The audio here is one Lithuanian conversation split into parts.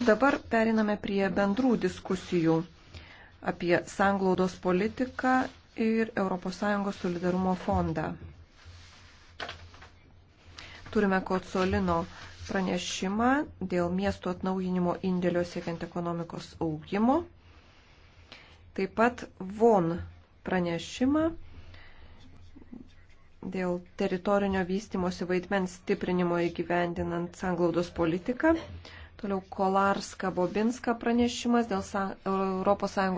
Dabar periname prie bendrų diskusijų apie sanglaudos politiką ir ES solidarumo fondą. Turime Kocolino pranešimą dėl miesto atnaujinimo indėlio siekiant ekonomikos augimo. Taip pat VON pranešimą dėl teritorinio vystimosi vaidmens stiprinimo įgyvendinant sanglaudos politiką. Toliau Kolarska Bobinska pranešimas dėl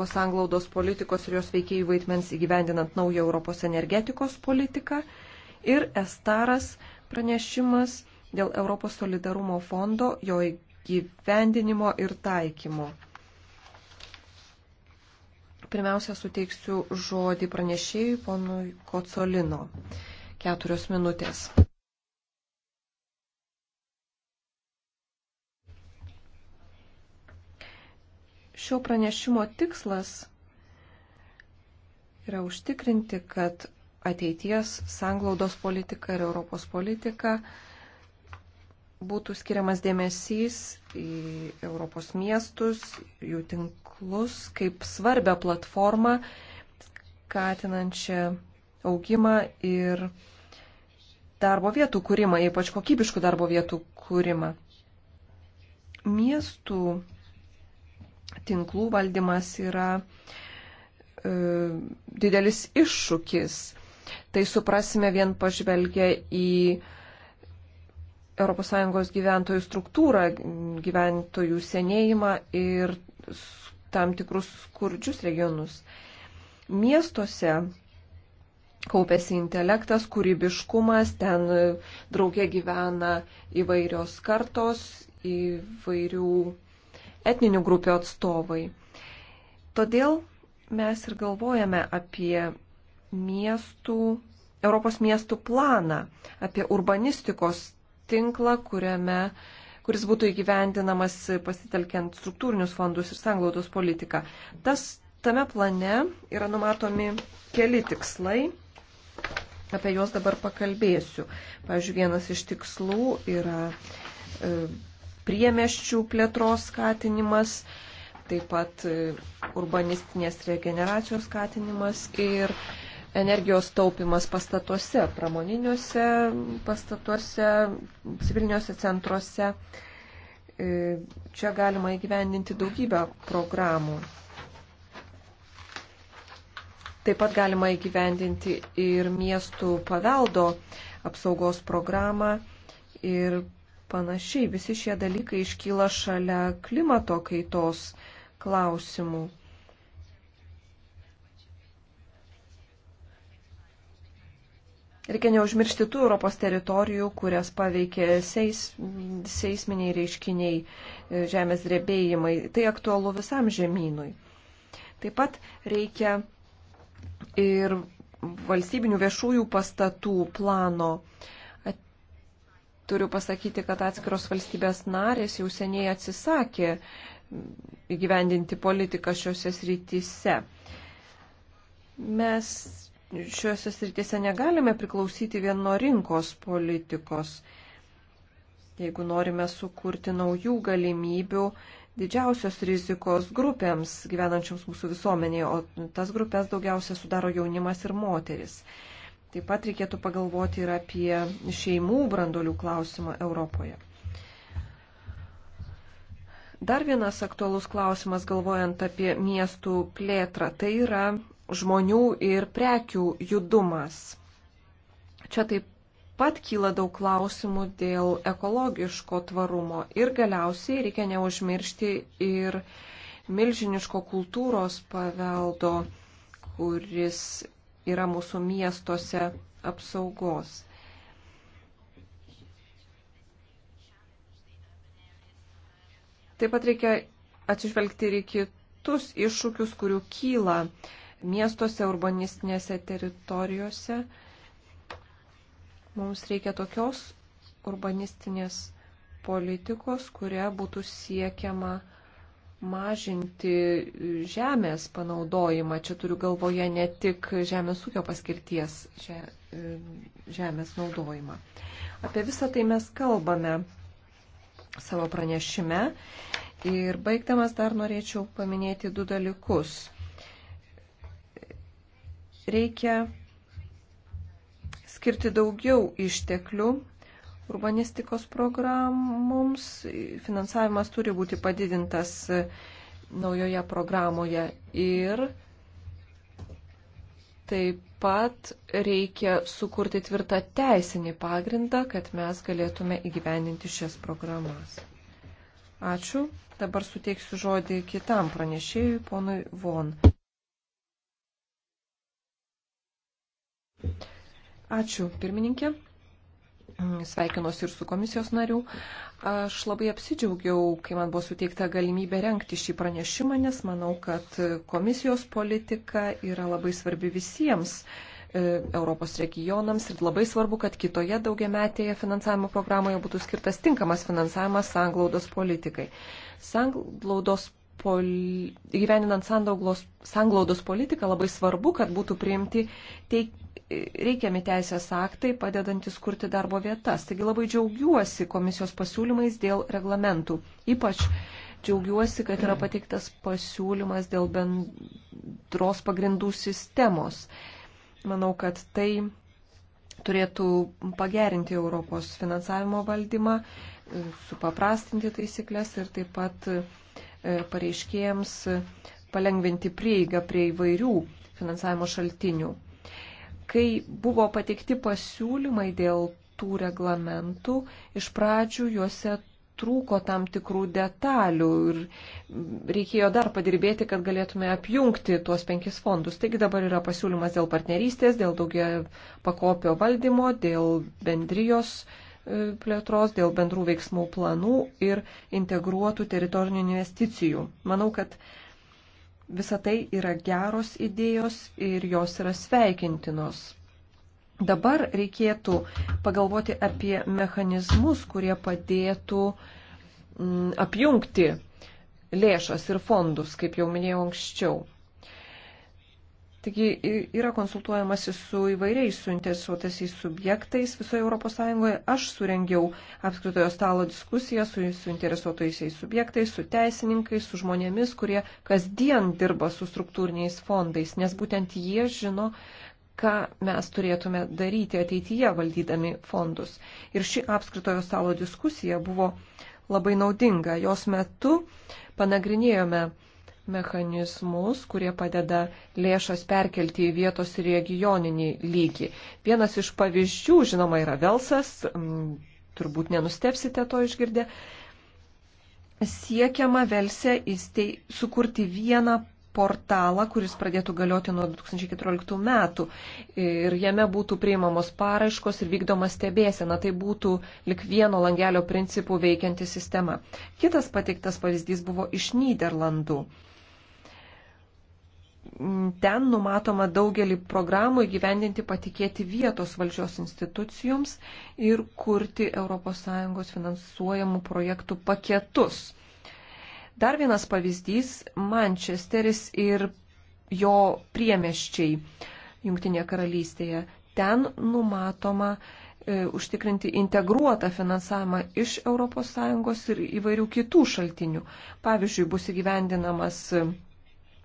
ES anglaudos politikos ir jos veikėjų vaidmens įgyvendinant naują Europos energetikos politiką. Ir Estaras pranešimas dėl Europos solidarumo fondo, jo įgyvendinimo ir taikymo. Pirmiausia, suteiksiu žodį pranešėjui ponui Kocolino. Keturios minutės. Šio pranešimo tikslas yra užtikrinti, kad ateities sanglaudos politika ir Europos politika būtų skiriamas dėmesys į Europos miestus, jų tinklus kaip svarbę platformą, skatinančią augimą ir darbo vietų kūrimą, ypač kokybiškų darbo vietų kūrimą. Miestų tinklų valdymas yra e, didelis iššūkis. Tai suprasime vien pažvelgę į ES gyventojų struktūrą, gyventojų senėjimą ir tam tikrus skurdžius regionus. Miestuose kaupėsi intelektas, kūrybiškumas, ten draugė gyvena įvairios kartos, įvairių etninių grupių atstovai. Todėl mes ir galvojame apie miestų, Europos miestų planą, apie urbanistikos tinklą, kuriame kuris būtų įgyvendinamas pasitelkiant struktūrinius fondus ir sanglaudos politiką. Tas tame plane yra numatomi keli tikslai, apie juos dabar pakalbėsiu. Pavyzdžiui, vienas iš tikslų yra e, priemeščių plėtros skatinimas, taip pat e, urbanistinės regeneracijos skatinimas ir energijos taupimas pastatuose, pramoniniuose pastatuose, civiliniuose centruose. E, čia galima įgyvendinti daugybę programų. Taip pat galima įgyvendinti ir miestų paveldo apsaugos programą ir panašiai. Visi šie dalykai iškyla šalia klimato kaitos klausimų. Reikia neužmiršti tų Europos teritorijų, kurias paveikė seis, seisminiai reiškiniai, e, žemės drebėjimai. Tai aktualu visam žemynui. Taip pat reikia ir valstybinių viešųjų pastatų plano. Uh, Turiu pasakyti, kad atskiros valstybės narės jau seniai atsisakė įgyvendinti politiką šiuose srityse. Mes šiuose srityse negalime priklausyti vien nuo rinkos politikos. Jeigu norime sukurti naujų galimybių didžiausios rizikos grupėms gyvenančioms mūsų visuomenėje, o tas grupės daugiausia sudaro jaunimas ir moteris. Taip pat reikėtų pagalvoti ir apie šeimų brandolių klausimą Europoje. Dar vienas aktualus klausimas, galvojant apie miestų plėtrą, tai yra žmonių ir prekių judumas. Čia taip pat kyla daug klausimų dėl ekologiško tvarumo ir galiausiai reikia neužmiršti ir milžiniško kultūros paveldo, kuris yra mūsų miestuose apsaugos. Taip pat reikia atsižvelgti ir į kitus iššūkius, kurių kyla miestuose, urbanistinėse teritorijose. Mums reikia tokios urbanistinės politikos, kuria būtų siekiama mažinti žemės panaudojimą. Čia turiu galvoje ne tik žemės ūkio paskirties e, žemės naudojimą. Apie visą tai mes kalbame savo pranešime. Ir baigdamas dar norėčiau paminėti du dalykus. Reikia skirti daugiau išteklių urbanistikos programoms. Finansavimas turi būti padidintas naujoje programoje ir taip pat reikia sukurti tvirtą teisinį pagrindą, kad mes galėtume įgyvendinti šias programas. Ačiū. Dabar suteiksiu žodį kitam pranešėjui, ponui Von. Ačiū, pirmininkė sveikinuosi ir su komisijos nariu. Aš labai apsidžiaugiau, kai man buvo suteikta galimybė renkti šį pranešimą, nes manau, kad komisijos politika yra labai svarbi visiems. E, Europos regionams ir labai svarbu, kad kitoje daugiametėje finansavimo programoje būtų skirtas tinkamas finansavimas sanglaudos politikai. Sanglaudos pol... gyveninant sanglaudos politiką labai svarbu, kad būtų priimti teik reikiami teisės aktai padedantis kurti darbo vietas. Taigi labai džiaugiuosi komisijos pasiūlymais dėl reglamentų. Ypač džiaugiuosi, kad yra pateiktas pasiūlymas dėl bendros pagrindų sistemos. Manau, kad tai turėtų pagerinti Europos finansavimo valdymą, supaprastinti taisyklės ir taip pat e, pareiškėjams palengventi prieigą prie įvairių finansavimo šaltinių. Kai buvo pateikti pasiūlymai dėl tų reglamentų, iš pradžių juose trūko tam tikrų detalių ir reikėjo dar padirbėti, kad galėtume apjungti tuos penkis fondus. Taigi dabar yra pasiūlymas dėl partnerystės, dėl daugia pakopio valdymo, dėl bendrijos e, plėtros, dėl bendrų veiksmų planų ir integruotų teritorinių investicijų. Manau, kad visa tai yra geros idėjos ir jos yra sveikintinos. Dabar reikėtų pagalvoti apie mechanizmus, kurie padėtų mm, apjungti lėšas ir fondus, kaip jau minėjau anksčiau. Taigi yra konsultuojamasi su įvairiais suinteresuotasiais subjektais visoje ES. Aš surengiau apskritojo stalo diskusiją su suinteresuotaisiais subjektais, su teisininkais, su žmonėmis, kurie kasdien dirba su struktūriniais fondais, nes būtent jie žino, ką mes turėtume daryti ateityje valdydami fondus. Ir ši apskritojo stalo diskusija buvo labai naudinga. Jos metu panagrinėjome mechanizmus, kurie padeda lėšas perkelti į vietos ir regioninį lygį. Vienas iš pavyzdžių, žinoma, yra Velsas, turbūt nenustepsite to išgirdę. Siekiama Velse įstei, sukurti vieną portalą, kuris pradėtų galioti nuo 2014 metų ir jame būtų priimamos paraiškos ir vykdoma stebėsena. Tai būtų lik vieno langelio principų veikianti sistema. Kitas pateiktas pavyzdys buvo iš Niderlandų ten numatoma daugelį programų įgyvendinti patikėti vietos valdžios institucijoms ir kurti ES finansuojamų projektų paketus. Dar vienas pavyzdys - Mančesteris ir jo priemeščiai Junktinėje karalystėje. Ten numatoma e, užtikrinti integruotą finansavimą iš ES ir įvairių kitų šaltinių. Pavyzdžiui, bus įgyvendinamas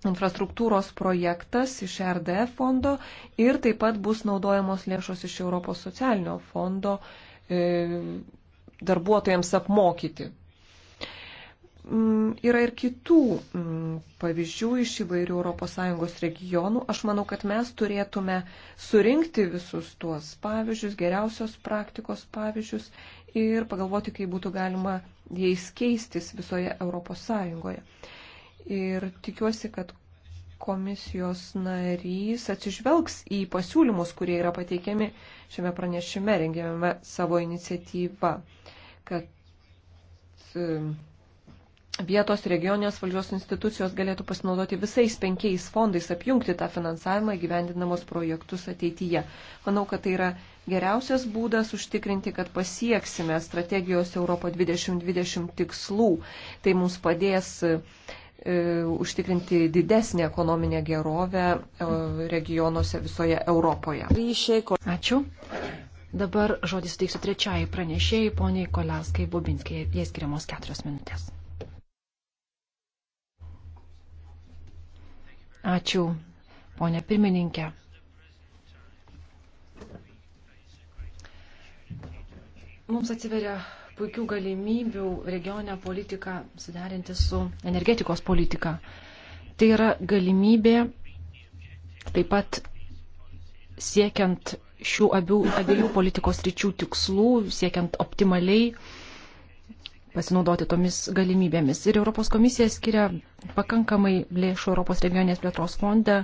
infrastruktūros projektas iš RDF fondo ir taip pat bus naudojamos lėšos iš Europos socialinio fondo e, darbuotojams apmokyti. Mm, yra ir kitų mm, pavyzdžių iš įvairių ES regionų. Aš manau, kad mes turėtume surinkti visus tuos pavyzdžius, geriausios praktikos pavyzdžius ir pagalvoti, kaip būtų galima jais keistis visoje ES ir tikiuosi, kad komisijos narys atsižvelgs į pasiūlymus, kurie yra pateikiami šiame pranešime, rengiame savo iniciatyvą, kad e, vietos regioninės valdžios institucijos galėtų pasinaudoti visais penkiais fondais, apjungti tą finansavimą įgyvendinamos projektus ateityje. Manau, kad tai yra geriausias būdas užtikrinti, kad pasieksime strategijos Europo 2020 tikslų. Tai mums padės E, užtikrinti didesnį ekonominę gerovę e, regionuose visoje Europoje. Ačiū. Dabar žodį suteiksiu trečiajai pranešėjai, poniai Koliauskai Bubinskiai. Jie skiriamos keturios minutės. Ačiū, ponė pirmininkė. Mums atsiveria puikių galimybių regionę politiką suderinti su energetikos politika. Tai yra galimybė taip pat siekiant šių abių, abiejų politikos ryčių tikslų, siekiant optimaliai pasinaudoti tomis galimybėmis. Ir Europos komisija skiria pakankamai lėšų Europos regionės plėtros fonde,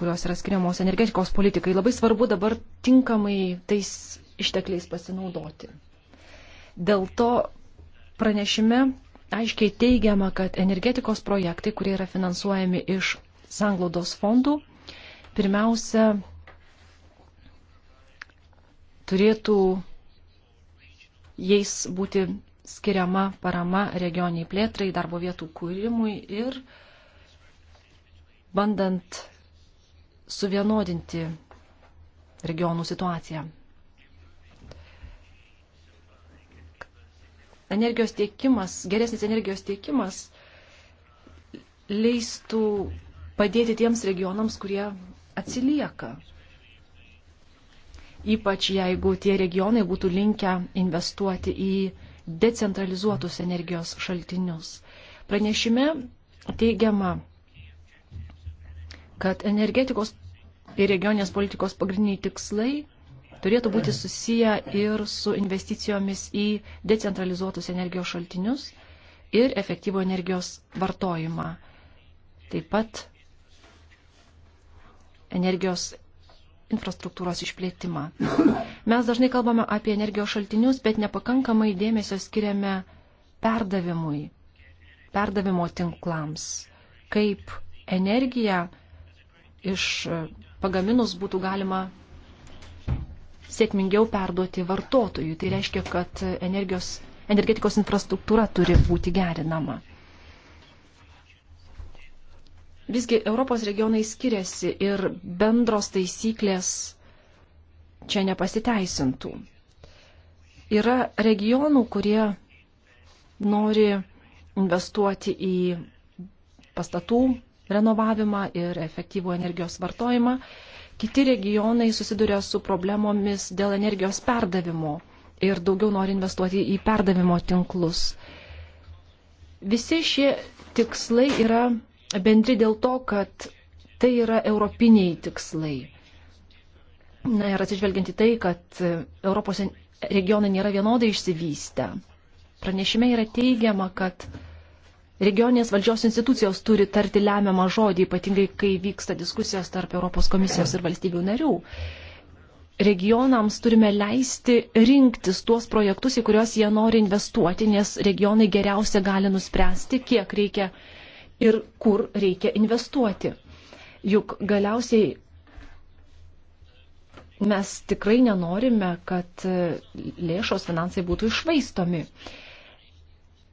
kurios yra skiriamos energetikos politikai. Labai svarbu dabar tinkamai tais ištekliais pasinaudoti. Dėl to pranešime aiškiai teigiama, kad energetikos projektai, kurie yra finansuojami iš sanglaudos fondų, pirmiausia turėtų jais būti skiriama parama regioniai plėtrai, darbo vietų kūrimui ir bandant suvienodinti regionų situaciją. energijos tiekimas, geresnis energijos tiekimas leistų padėti tiems regionams, kurie atsilieka. Ypač jeigu tie regionai būtų linkę investuoti į decentralizuotus energijos šaltinius. Pranešime teigiama, kad energetikos ir regioninės politikos pagrindiniai tikslai turėtų būti susiję ir su investicijomis į decentralizuotus energijos šaltinius ir efektyvų energijos vartojimą. Taip pat energijos infrastruktūros išplėtimą. Mes dažnai kalbame apie energijos šaltinius, bet nepakankamai dėmesio skiriame perdavimui, perdavimo tinklams, kaip energiją iš pagaminus būtų galima sėkmingiau perduoti vartotojui. Tai reiškia, kad energijos, energetikos infrastruktūra turi būti gerinama. Visgi Europos regionai skiriasi ir bendros taisyklės čia nepasiteisintų. Yra regionų, kurie nori investuoti į pastatų renovavimą ir efektyvų energijos vartojimą. Kiti regionai susiduria su problemomis dėl energijos perdavimo ir daugiau nori investuoti į perdavimo tinklus. Visi šie tikslai yra bendri dėl to, kad tai yra europiniai tikslai. Na ir atsižvelgiant į tai, kad Europos regionai nėra vienodai išsivystę. Pranešime yra teigiama, kad regioninės valdžios institucijos turi tarti lemiamą žodį, ypatingai kai vyksta diskusijos tarp Europos komisijos ir valstybių narių. Regionams turime leisti rinktis tuos projektus, į kuriuos jie nori investuoti, nes regionai geriausia gali nuspręsti, kiek reikia ir kur reikia investuoti. Juk galiausiai mes tikrai nenorime, kad lėšos finansai būtų išvaistomi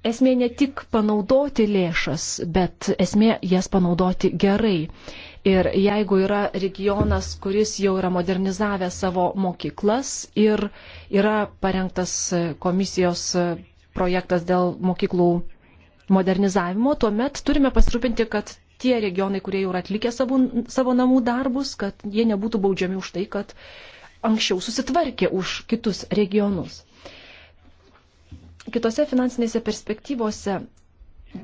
esmė ne tik panaudoti lėšas, bet esmė jas panaudoti gerai. Ir jeigu yra regionas, kuris jau yra modernizavę savo mokyklas ir yra parengtas komisijos projektas dėl mokyklų modernizavimo, tuomet turime pasirūpinti, kad tie regionai, kurie jau yra atlikę savo, savo namų darbus, kad jie nebūtų baudžiami už tai, kad anksčiau susitvarkė už kitus regionus kitose finansinėse perspektyvose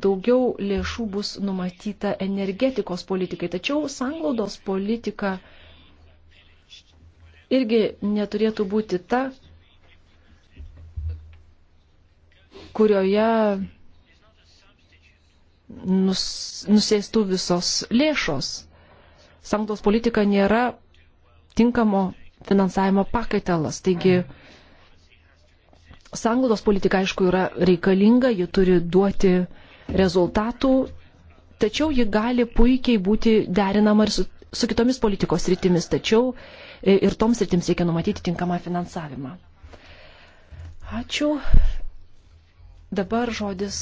daugiau lėšų bus numatyta energetikos politikai, tačiau sanglaudos politika irgi neturėtų būti ta, kurioje nus, nusėstų visos lėšos. Sanglaudos politika nėra tinkamo finansavimo pakaitalas. Taigi, mm Sanglaudos politika, aišku, yra reikalinga, ji turi duoti rezultatų, tačiau ji gali puikiai būti derinama ir su, su kitomis politikos rytimis, tačiau e, ir toms rytims reikia numatyti tinkamą finansavimą. Ačiū. Dabar žodis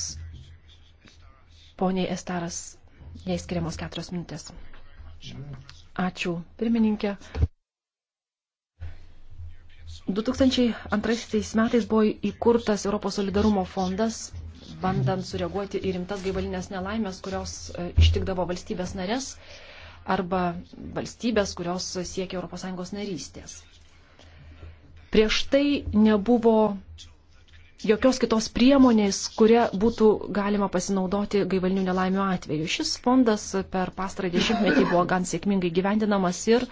poniai Estaras, jai skiriamos keturios minutės. Ačiū, pirmininkė. 2002 metais buvo įkurtas Europos solidarumo fondas, bandant sureaguoti į rimtas gaivalinės nelaimės, kurios e, ištikdavo valstybės narės arba valstybės, kurios siekia ES narystės. Prieš tai nebuvo jokios kitos priemonės, kuria būtų galima pasinaudoti gaivalinių nelaimių atveju. Šis fondas per pastarą dešimtmetį buvo gan sėkmingai gyvendinamas ir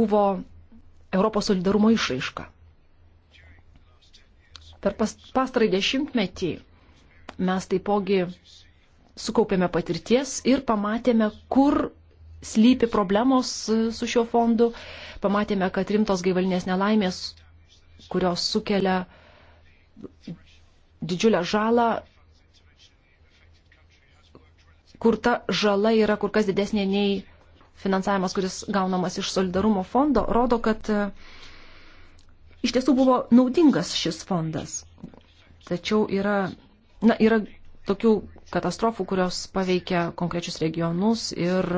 buvo Europos solidarumo išraiška. Per pastarąjį dešimtmetį mes taipogi sukaupėme patirties ir pamatėme, kur slypi problemos e, su šiuo fondu, pamatėme, kad rimtos gaivalinės nelaimės, kurios sukelia didžiulę žalą, kur ta žala yra kur kas didesnė nei finansavimas, kuris gaunamas iš solidarumo fondo, rodo, kad e, iš tiesų buvo naudingas šis fondas. Tačiau yra, na, yra tokių katastrofų, kurios paveikia konkrečius regionus ir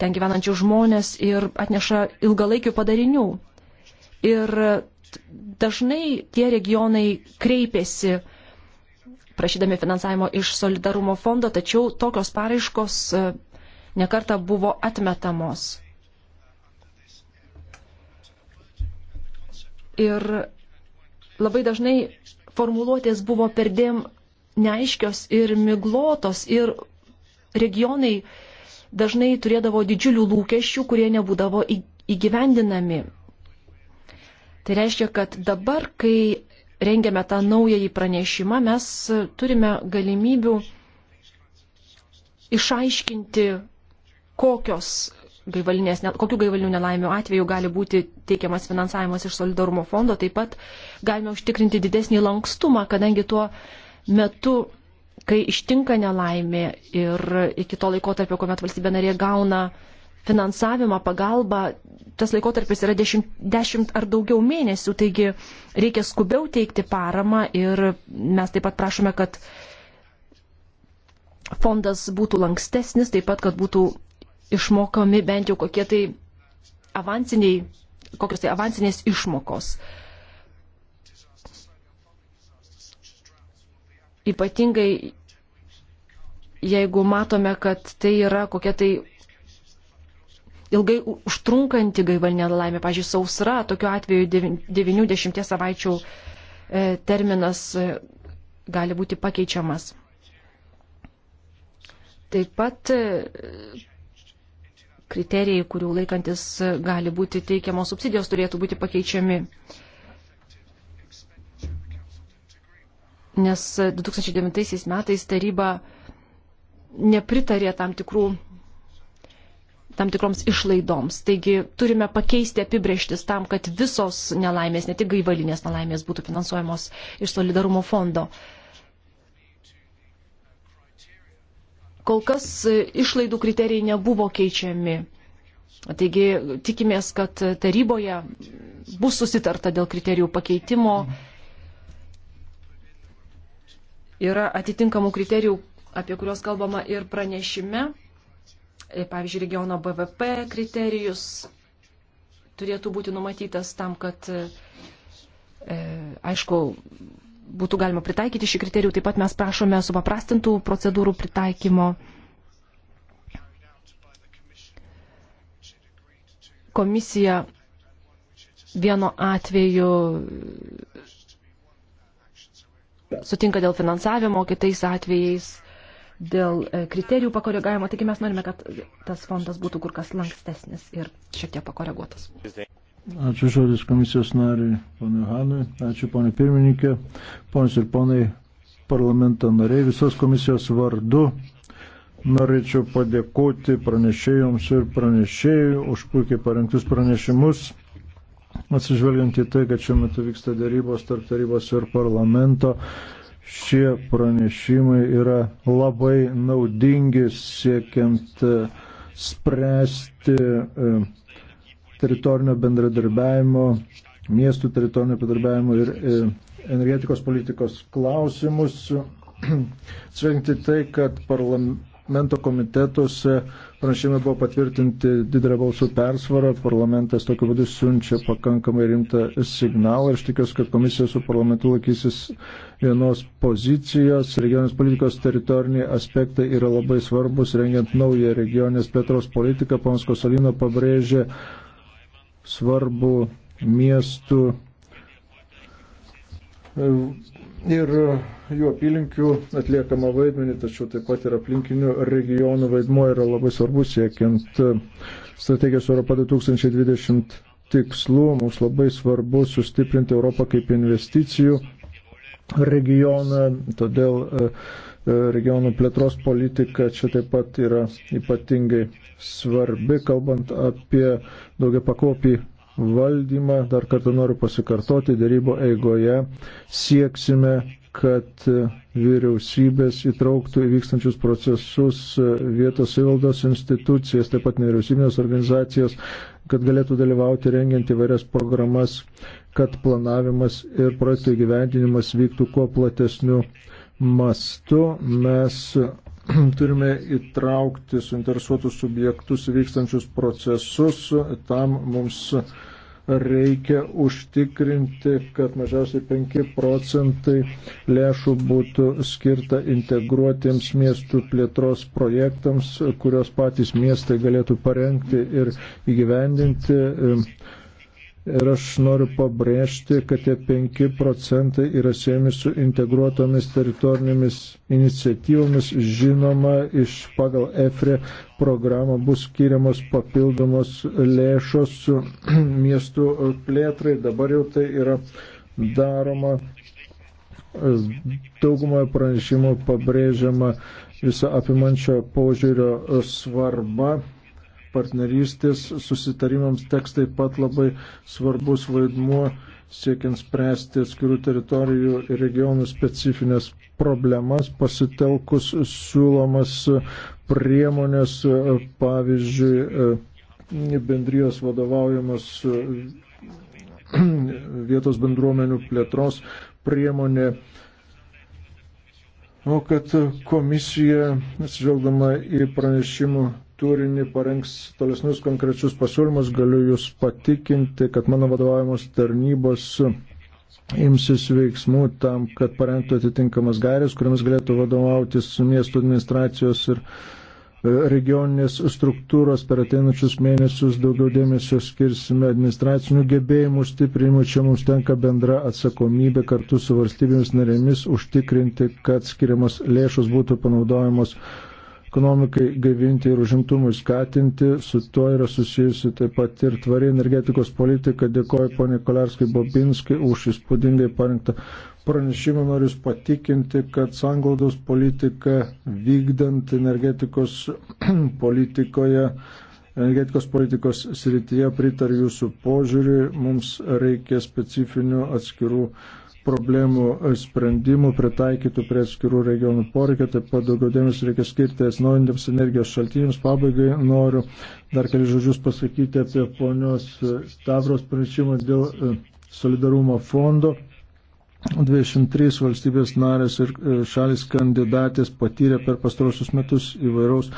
ten gyvenančių žmonės ir atneša ilgalaikių padarinių. Ir dažnai tie regionai kreipiasi prašydami finansavimo iš solidarumo fondo, tačiau tokios paraiškos e, nekarta buvo atmetamos. Ir labai dažnai formuluotės buvo perdėm neaiškios ir miglotos ir regionai dažnai turėdavo didžiulių lūkesčių, kurie nebūdavo įgyvendinami. Tai reiškia, kad dabar, kai rengiame tą naująjį pranešimą, mes turime galimybių išaiškinti kokios gaivalinės, kokių gaivalinių nelaimių atveju gali būti teikiamas finansavimas iš solidarumo fondo, taip pat galime užtikrinti didesnį lankstumą, kadangi tuo metu, kai ištinka nelaimė ir iki to laiko tarp, kuomet valstybė narė gauna finansavimą, pagalbą, tas laikotarpis yra 10 ar daugiau mėnesių, taigi reikia skubiau teikti paramą ir mes taip pat prašome, kad fondas būtų lankstesnis, taip pat, kad būtų išmokami bent jau kokie tai avansiniai, kokios tai avansinės išmokos. Ypatingai jeigu matome, kad tai yra kokia tai ilgai užtrunkanti gaivalinė laimė, pažiūrėjau, sausra, tokiu atveju 90 savaičių e, terminas e, gali būti pakeičiamas. Taip pat e, kriterijai, kurių laikantis gali būti teikiamos subsidijos, turėtų būti pakeičiami. Nes 2009 metais taryba nepritarė tam, tikrų, tam tikroms išlaidoms. Taigi turime pakeisti apibrieštis tam, kad visos nelaimės, ne tik gaivalinės nelaimės, būtų finansuojamos iš solidarumo fondo. Uh, kol kas e, išlaidų kriterijai nebuvo keičiami. Taigi tikimės, kad taryboje bus susitarta dėl kriterijų pakeitimo. Yra atitinkamų kriterijų, apie kuriuos kalbama ir pranešime. E, pavyzdžiui, regiono BVP kriterijus turėtų būti numatytas tam, kad, e, e aišku, būtų galima pritaikyti šį kriterijų. Taip pat mes prašome supaprastintų procedūrų pritaikymo. Komisija vieno atveju sutinka dėl finansavimo, kitais atvejais dėl e, kriterijų pakoregavimo. Taigi mes norime, kad tas fondas būtų kur kas lankstesnis ir šiek tiek pakoreguotas. Ačiū žodis komisijos nariui, ponui Hanui. Ačiū, ponė pirmininkė. Ponas ir ponai parlamento nariai, visos komisijos vardu norėčiau padėkoti pranešėjoms ir pranešėjai už puikiai parengtus pranešimus. Atsižvelgiant į tai, kad šiuo metu vyksta dėrybos tarp tarybos ir parlamento, šie pranešimai yra labai naudingi siekiant e, spręsti e, teritorinio bendradarbiavimo, miestų teritorinio bendradarbiavimo ir e, energetikos politikos klausimus. Svengti tai, kad parlamento komitetuose pranešimai buvo patvirtinti didelę balsų persvarą, parlamentas tokiu būdu siunčia pakankamai rimtą signalą ir aš tikiuosi, kad komisija su parlamentu laikysis vienos pozicijos. Regionės politikos teritoriniai aspektai yra labai svarbus, rengiant naują regionės plėtros politiką. Ponsko Salino pabrėžė svarbų miestų ir jų apylinkių atliekamą vaidmenį, tačiau taip pat ir aplinkinių regionų vaidmuo yra labai svarbus siekiant strategijos Europa 2020 tikslų. Mums labai svarbu sustiprinti Europą kaip investicijų regioną, todėl e, regionų plėtros politika čia taip pat yra ypatingai svarbi, kalbant apie daugia pakopį valdymą. Dar kartą noriu pasikartoti, dėrybo eigoje sieksime, kad vyriausybės įtrauktų įvykstančius procesus vietos įvaldos institucijas, taip pat nevyriausybinės organizacijos, kad galėtų dalyvauti rengiant įvairias programas, kad planavimas ir projektų įgyvendinimas vyktų kuo platesniu mastu. Mes turime įtraukti suinteresuotus subjektus vykstančius procesus, tam mums reikia užtikrinti, kad mažiausiai 5 procentai lėšų būtų skirta integruotiems miestų plėtros projektams, kurios patys miestai galėtų parengti ir įgyvendinti. Ir aš noriu pabrėžti, kad tie 5 procentai yra siejami su integruotomis teritorinėmis iniciatyvomis. Žinoma, iš pagal EFRE programą bus skiriamos papildomos lėšos miestų plėtrai. Dabar jau tai yra daroma. Daugumoje pranešimų pabrėžiama visą apimančio požiūrio svarba partnerystės susitarimams teks taip pat labai svarbus vaidmuo siekiant spręsti atskirų teritorijų ir regionų specifines problemas, pasitelkus siūlomas priemonės, pavyzdžiui, bendrijos vadovaujamas vietos bendruomenių plėtros priemonė. O kad komisija, atsižvelgdama į pranešimų turinį, parengs tolesnius konkrečius pasiūlymus. Galiu Jūs patikinti, kad mano vadovavimus tarnybos imsis veiksmų tam, kad parengtų atitinkamas gairės, kuriamis galėtų vadovautis miestų administracijos ir e, regioninės struktūros per ateinančius mėnesius daugiau dėmesio skirsime administracinių gebėjimų stiprinimui. Čia mums tenka bendra atsakomybė kartu su valstybėmis narėmis užtikrinti, kad skiriamos lėšos būtų panaudojamos ekonomikai gaivinti ir užimtumui skatinti. Su tuo yra susijusi taip pat ir tvari energetikos politika. Dėkoju ponė Kolerskai Bobinskai už įspūdingai parinktą pranešimą. Noriu jūs patikinti, kad sanglaudos politika vykdant energetikos politikoje energetikos politikos srityje pritariu jūsų požiūrį, mums reikia specifinių atskirų problemų e, sprendimų pritaikytų prie atskirų regionų poreikio, taip pat daugiau dėmesio reikia skirti atsinaujantiems energijos šaltiniams. Pabaigai noriu dar keli žodžius pasakyti apie ponios e, Stavros pranešimą dėl e, solidarumo fondo. 23 valstybės narės ir šalis kandidatės patyrė per pastarosius metus įvairaus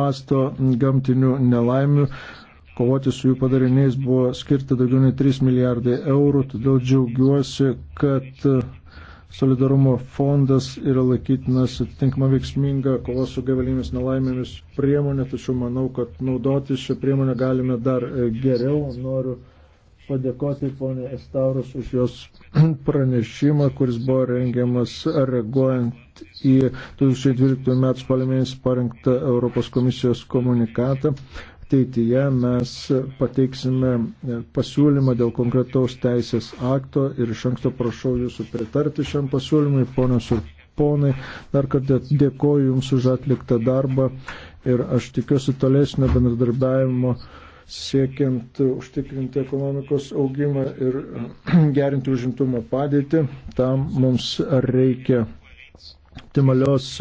masto gamtinių nelaimių kovoti su jų padariniais buvo skirta daugiau nei 3 milijardai eurų, todėl džiaugiuosi, kad e, solidarumo fondas yra laikytinas atitinkama veiksminga kovos su gavalėmis nelaimėmis priemonė, tačiau manau, kad naudotis šią priemonę galime dar e, geriau. Noriu padėkoti ponė Estaurus už jos pranešimą, kuris buvo rengiamas reaguojant į 2012 m. spalio mėnesį parengtą Europos komisijos komunikatą ateityje mes pateiksime pasiūlymą dėl konkretaus teisės akto ir iš anksto prašau jūsų pritarti šiam pasiūlymui, ponios ir ponai. Dar kartą dėkoju Jums už atliktą darbą ir aš tikiuosi tolesnio bendradarbiavimo siekiant užtikrinti ekonomikos augimą ir gerinti užimtumo padėtį. Tam mums reikia optimalios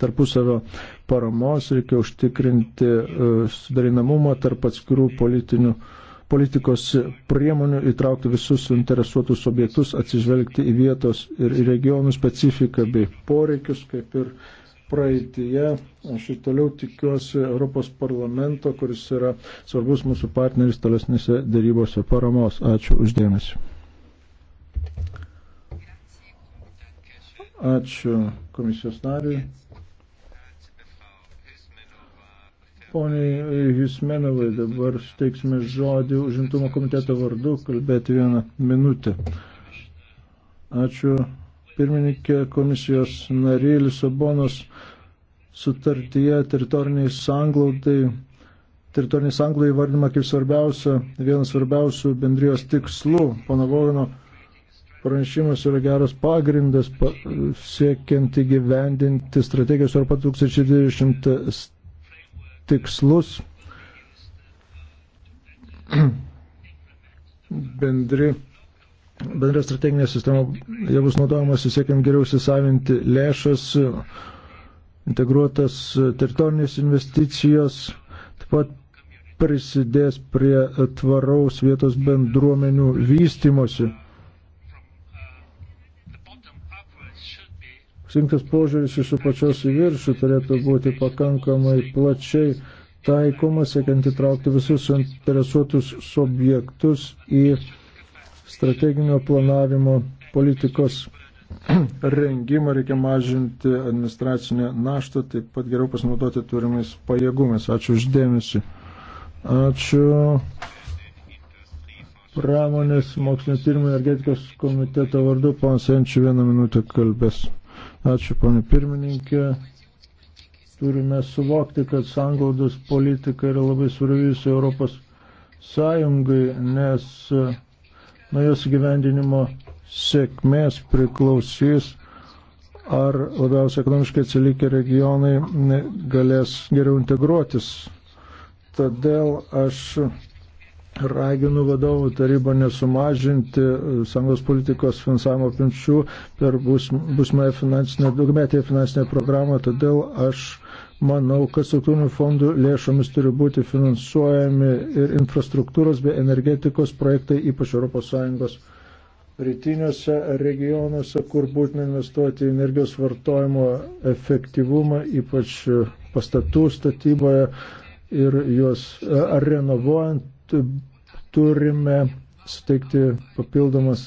tarpusavio paramos, reikia užtikrinti e, sudarinamumą tarp atskirų politinių politikos priemonių, įtraukti visus suinteresuotus objektus, atsižvelgti į vietos ir į regionų specifiką bei poreikius, kaip ir praeitie. Aš ir toliau tikiuosi Europos parlamento, kuris yra svarbus mūsų partneris tolesnėse darybose paramos. Ačiū uždėmesi. Ačiū komisijos nariui. Poniai Jusmenovai dabar suteiksime žodį užimtumo komiteto vardu kalbėti vieną minutę. Ačiū pirmininkė komisijos narė Lisabonos sutartyje teritoriniai sanglaudai. Teritoriniai sanglai įvardinama kaip svarbiausia, vienas svarbiausių bendrijos tikslų. Pana Vogino pranešimas yra geras pagrindas pa, siekiant įgyvendinti strategijos Europą 2020 tikslus. Bendri, bendra strateginė sistema jau bus naudojama susiekiant geriau įsisavinti lėšas, integruotas teritorinės investicijos, taip pat prisidės prie tvaraus vietos bendruomenių vystimosi. Surinktas požiūris iš apačios į viršų turėtų būti pakankamai plačiai taikomas, siekiant įtraukti visus interesuotus subjektus į strateginio planavimo politikos rengimą, reikia mažinti administracinę naštą, taip pat geriau pasinaudoti turimais pajėgumais. Ačiū uždėmesi. Ačiū pramonės mokslinio tyrimo energetikos komiteto vardu, panas Enčiu, vieną minutę kalbės. Ačiū, ponė pirmininkė. Turime suvokti, kad sanglaudos politika yra labai svarbiausia Europos Sąjungai, nes nuo jos gyvendinimo sėkmės priklausys, ar labiausiai ekonomiškai atsilikę regionai galės geriau integruotis. Todėl aš raginu vadovų tarybą nesumažinti e, sąjungos politikos finansavimo apimčių per būsimąją finansinę, daugmetę finansinę programą, todėl aš manau, kad struktūrinių fondų lėšomis turi būti finansuojami ir infrastruktūros bei energetikos projektai, ypač ES rytiniuose regionuose, kur būtina investuoti energijos vartojimo efektyvumą, ypač pastatų statyboje ir juos e, ar renovuojant turime suteikti papildomas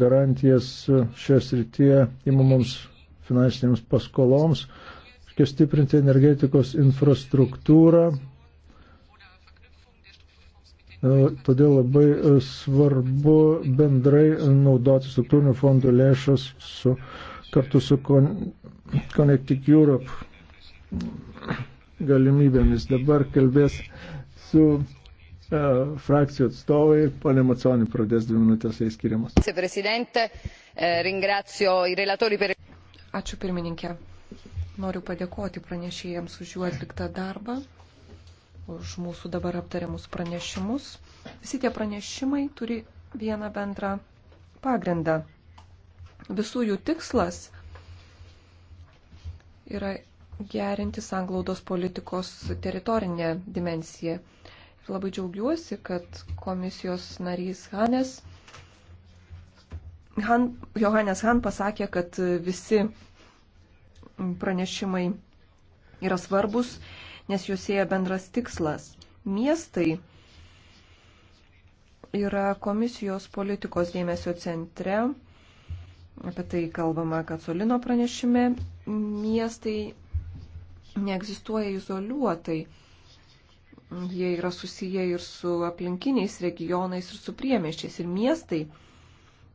garantijas šios rytyje įmamoms finansinėms paskoloms, reikia stiprinti energetikos infrastruktūrą. E, todėl labai e, svarbu bendrai naudoti struktūrinių fondų lėšas su, kartu su Connecting Europe galimybėmis. Dabar kalbės su E, frakcijų atstovai. Pane Maconį pradės dvi minutės, jai skiriamas. E, Ačiū pirmininkė. Noriu padėkoti pranešėjams už jų atliktą darbą, už mūsų dabar aptariamus pranešimus. Visi tie pranešimai turi vieną bendrą pagrindą. Visų jų tikslas yra gerinti sanglaudos politikos teritorinę dimensiją labai džiaugiuosi, kad komisijos narys Hanes Han, Johannes Han pasakė, kad visi pranešimai yra svarbus, nes juos sieja bendras tikslas. Miestai yra komisijos politikos dėmesio centre. Apie tai kalbama Kacolino pranešime. Miestai neegzistuoja izoliuotai jie yra susiję ir su aplinkiniais regionais, ir su priemiešiais, ir miestai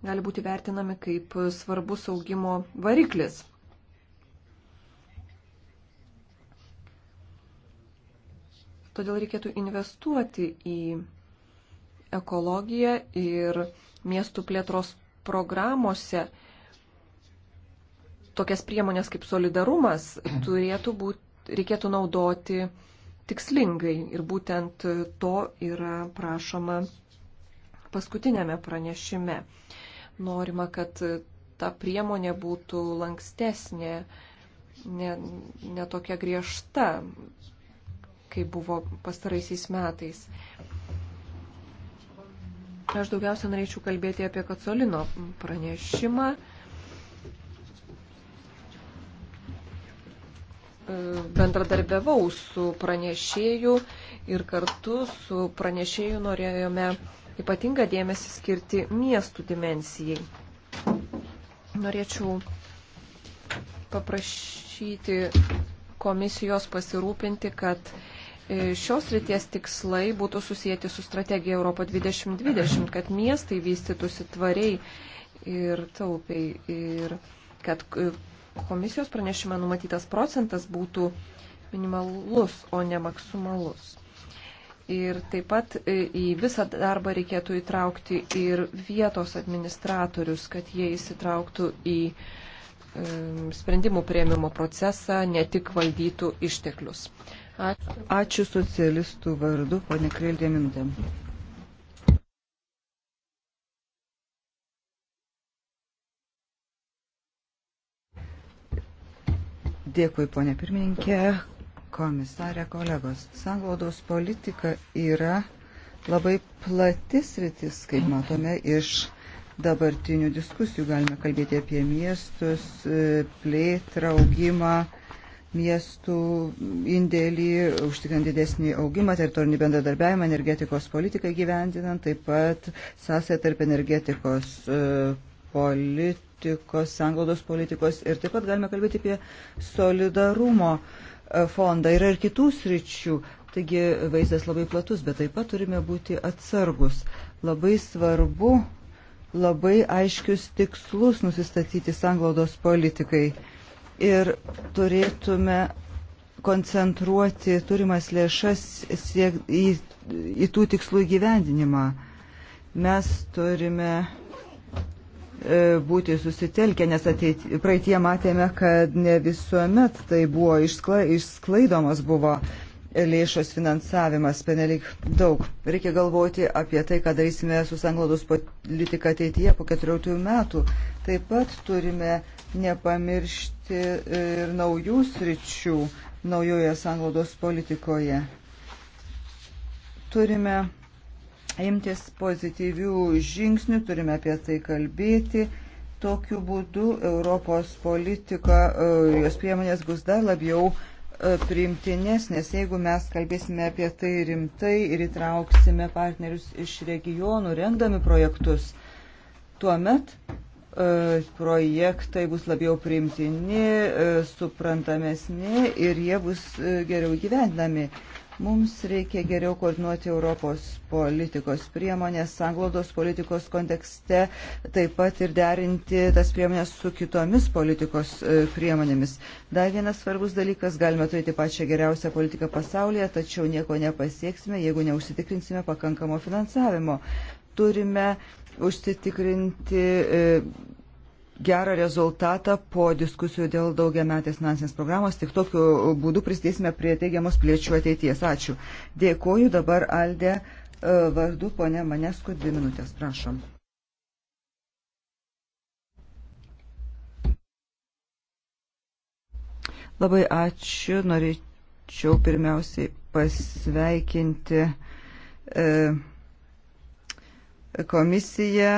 gali būti vertinami kaip svarbus augimo variklis. Todėl reikėtų investuoti į ekologiją ir miestų plėtros programuose tokias priemonės kaip solidarumas turėtų būti, reikėtų naudoti uh, tikslingai ir būtent to yra prašoma paskutinėme pranešime. Norima, kad ta priemonė būtų lankstesnė, netokia ne, ne griežta, kaip buvo pastaraisiais metais. Aš daugiausia norėčiau kalbėti apie Kacolino pranešimą E, bendradarbiavau su pranešėju ir kartu su pranešėju norėjome ypatingą dėmesį skirti miestų dimensijai. Norėčiau paprašyti komisijos pasirūpinti, kad e, šios ryties tikslai būtų susijęti su strategija Europo 2020, kad miestai vystytųsi tvariai ir taupiai ir kad e, komisijos pranešime numatytas procentas būtų minimalus, o ne maksimalus. Ir taip pat e, į visą darbą reikėtų įtraukti ir vietos administratorius, kad jie įsitrauktų į e, sprendimų prieimimo procesą, ne tik valdytų išteklius. Ačiū, Ačiū socialistų vardu, ponė Kreldė Mintė. Dėkui, ponė pirmininkė, komisarė, kolegos. Sanglaudos politika yra labai platis rytis, kaip matome iš dabartinių diskusijų. Galime kalbėti apie miestus, plėtrą, augimą, miestų indėlį, užtikrinant didesnį augimą, teritorinį bendradarbiavimą, energetikos politiką gyvendinant, taip pat sąsąją tarp energetikos politikos, sanglaudos politikos ir taip pat galime kalbėti apie solidarumo e, fondą. Yra ir kitų sričių, taigi vaizdas labai platus, bet taip pat turime būti atsargus. Labai svarbu labai aiškius tikslus nusistatyti sanglaudos politikai ir turėtume koncentruoti turimas lėšas siek, į, į tų tikslų įgyvendinimą. Mes turime E, būti susitelkę, nes ateit, praeitie matėme, kad ne visuomet tai buvo išskla, išsklaidomas buvo lėšos finansavimas penelik daug. Reikia galvoti apie tai, ką darysime su sanglaudos politika ateityje po 14 metų. Taip pat turime nepamiršti ir naujų sričių naujoje sanglaudos politikoje. Turime imtis pozityvių žingsnių, turime apie tai kalbėti. Tokiu būdu Europos politika, e, jos priemonės bus dar labiau e, priimtinės, nes jeigu mes kalbėsime apie tai rimtai ir įtrauksime partnerius iš regionų, rendami projektus, tuomet e, projektai bus labiau priimtini, suprantamesni ir jie bus geriau gyvendami. Mums reikia geriau koordinuoti Europos politikos priemonės, sanglaudos politikos kontekste, taip pat ir derinti tas priemonės su kitomis politikos e, priemonėmis. Dar vienas svarbus dalykas, galime turėti pačią geriausią politiką pasaulyje, tačiau nieko nepasieksime, jeigu neužsitikrinsime pakankamo finansavimo. Turime užsitikrinti. E, gerą rezultatą po diskusijų dėl daugiametės finansinės programos. Tik tokiu būdu prisidėsime prie teigiamos piliečių ateities. Ačiū. Dėkoju dabar Aldė e, vardu ponė Manesku. Dvi minutės, prašom. Labai ačiū. Norėčiau pirmiausiai pasveikinti e, komisiją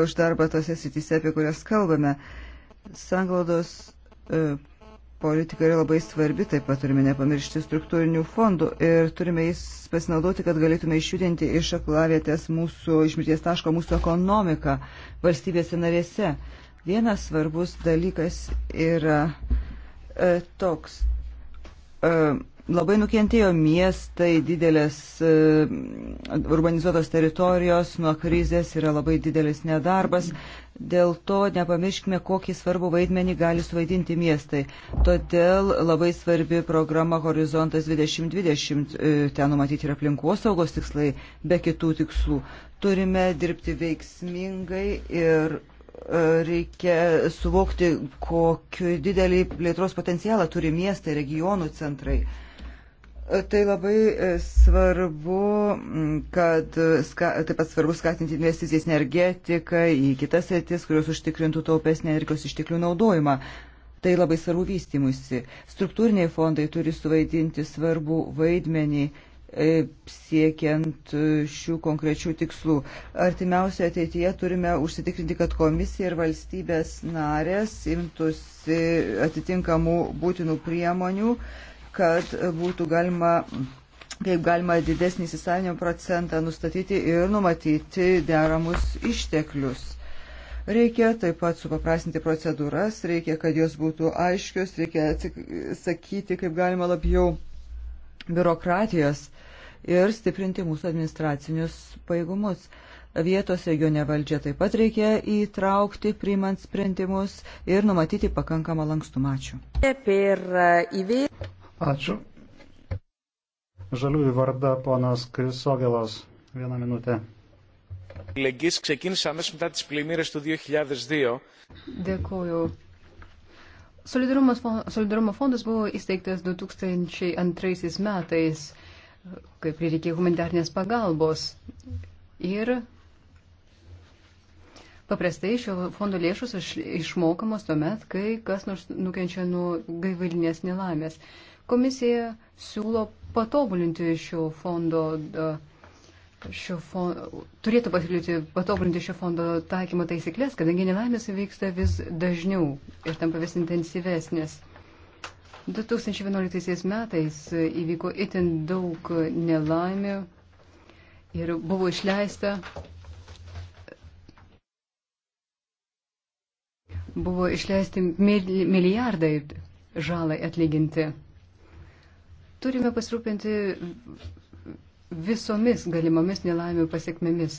už darbą tose srityse, apie kurias kalbame. Sanglaudos e, politika yra labai svarbi, taip pat turime nepamiršti struktūrinių fondų ir turime jais pasinaudoti, kad galėtume išjudinti iš aklavietės mūsų, išmirties taško mūsų ekonomiką valstybėse narėse. Vienas svarbus dalykas yra e, toks. E, Labai nukentėjo miestai, didelės e, urbanizuotos teritorijos, nuo krizės yra labai didelis nedarbas. Dėl to nepamirškime, kokį svarbų vaidmenį gali suvaidinti miestai. Todėl labai svarbi programa Horizontas 2020, e, ten numatyti ir aplinkosaugos tikslai, be kitų tikslų. Turime dirbti veiksmingai ir e, reikia suvokti, kokiu didelį plėtros potencialą turi miestai, regionų centrai. Tai labai e, svarbu, kad taip pat svarbu skatinti investicijas į energetiką, į kitas sritis, kurios užtikrintų taupesnį energijos išteklių naudojimą. Tai labai svarbu vystimusi. Struktūriniai fondai turi suvaidinti svarbų vaidmenį e, siekiant e, šių konkrečių tikslų. Artimiausioje ateityje turime užsitikrinti, kad komisija ir valstybės narės imtųsi atitinkamų būtinų priemonių, uh, kad būtų galima kaip galima didesnį įsisavinimo procentą nustatyti ir numatyti deramus išteklius. Reikia taip pat supaprastinti procedūras, reikia, kad jos būtų aiškios, reikia atsakyti kaip galima labiau biurokratijos ir stiprinti mūsų administracinius paėgumus. Vietos regione valdžia taip pat reikia įtraukti, priimant sprendimus ir numatyti pakankamą lankstumą. Ačiū. Ačiū. Žaliųjų varda ponas Krisogelos. Vieną minutę. Λεγγύης ξεκίνησε αμέσως μετά τις πλημμύρες του 2002. Dėkuoju. Solidarumo fondas buvo įsteigtas 2002 metais, kai prireikė humanitarnės pagalbos. Ir paprastai šio fondo lėšus išmokamos tuomet, kai kas nors nukenčia nuo gaivalinės nelaimės. Komisija siūlo patobulinti šio fondo, šio fondo turėtų pasiūlyti patobulinti šio fondo taikymo taisyklės, kadangi nelaimės vyksta vis dažniau ir tampa vis intensyvesnės. 2011 metais įvyko itin daug nelaimių ir buvo išleista buvo išleisti milijardai žalai atlyginti. Turime pasirūpinti visomis galimomis nelaimių pasiekmėmis.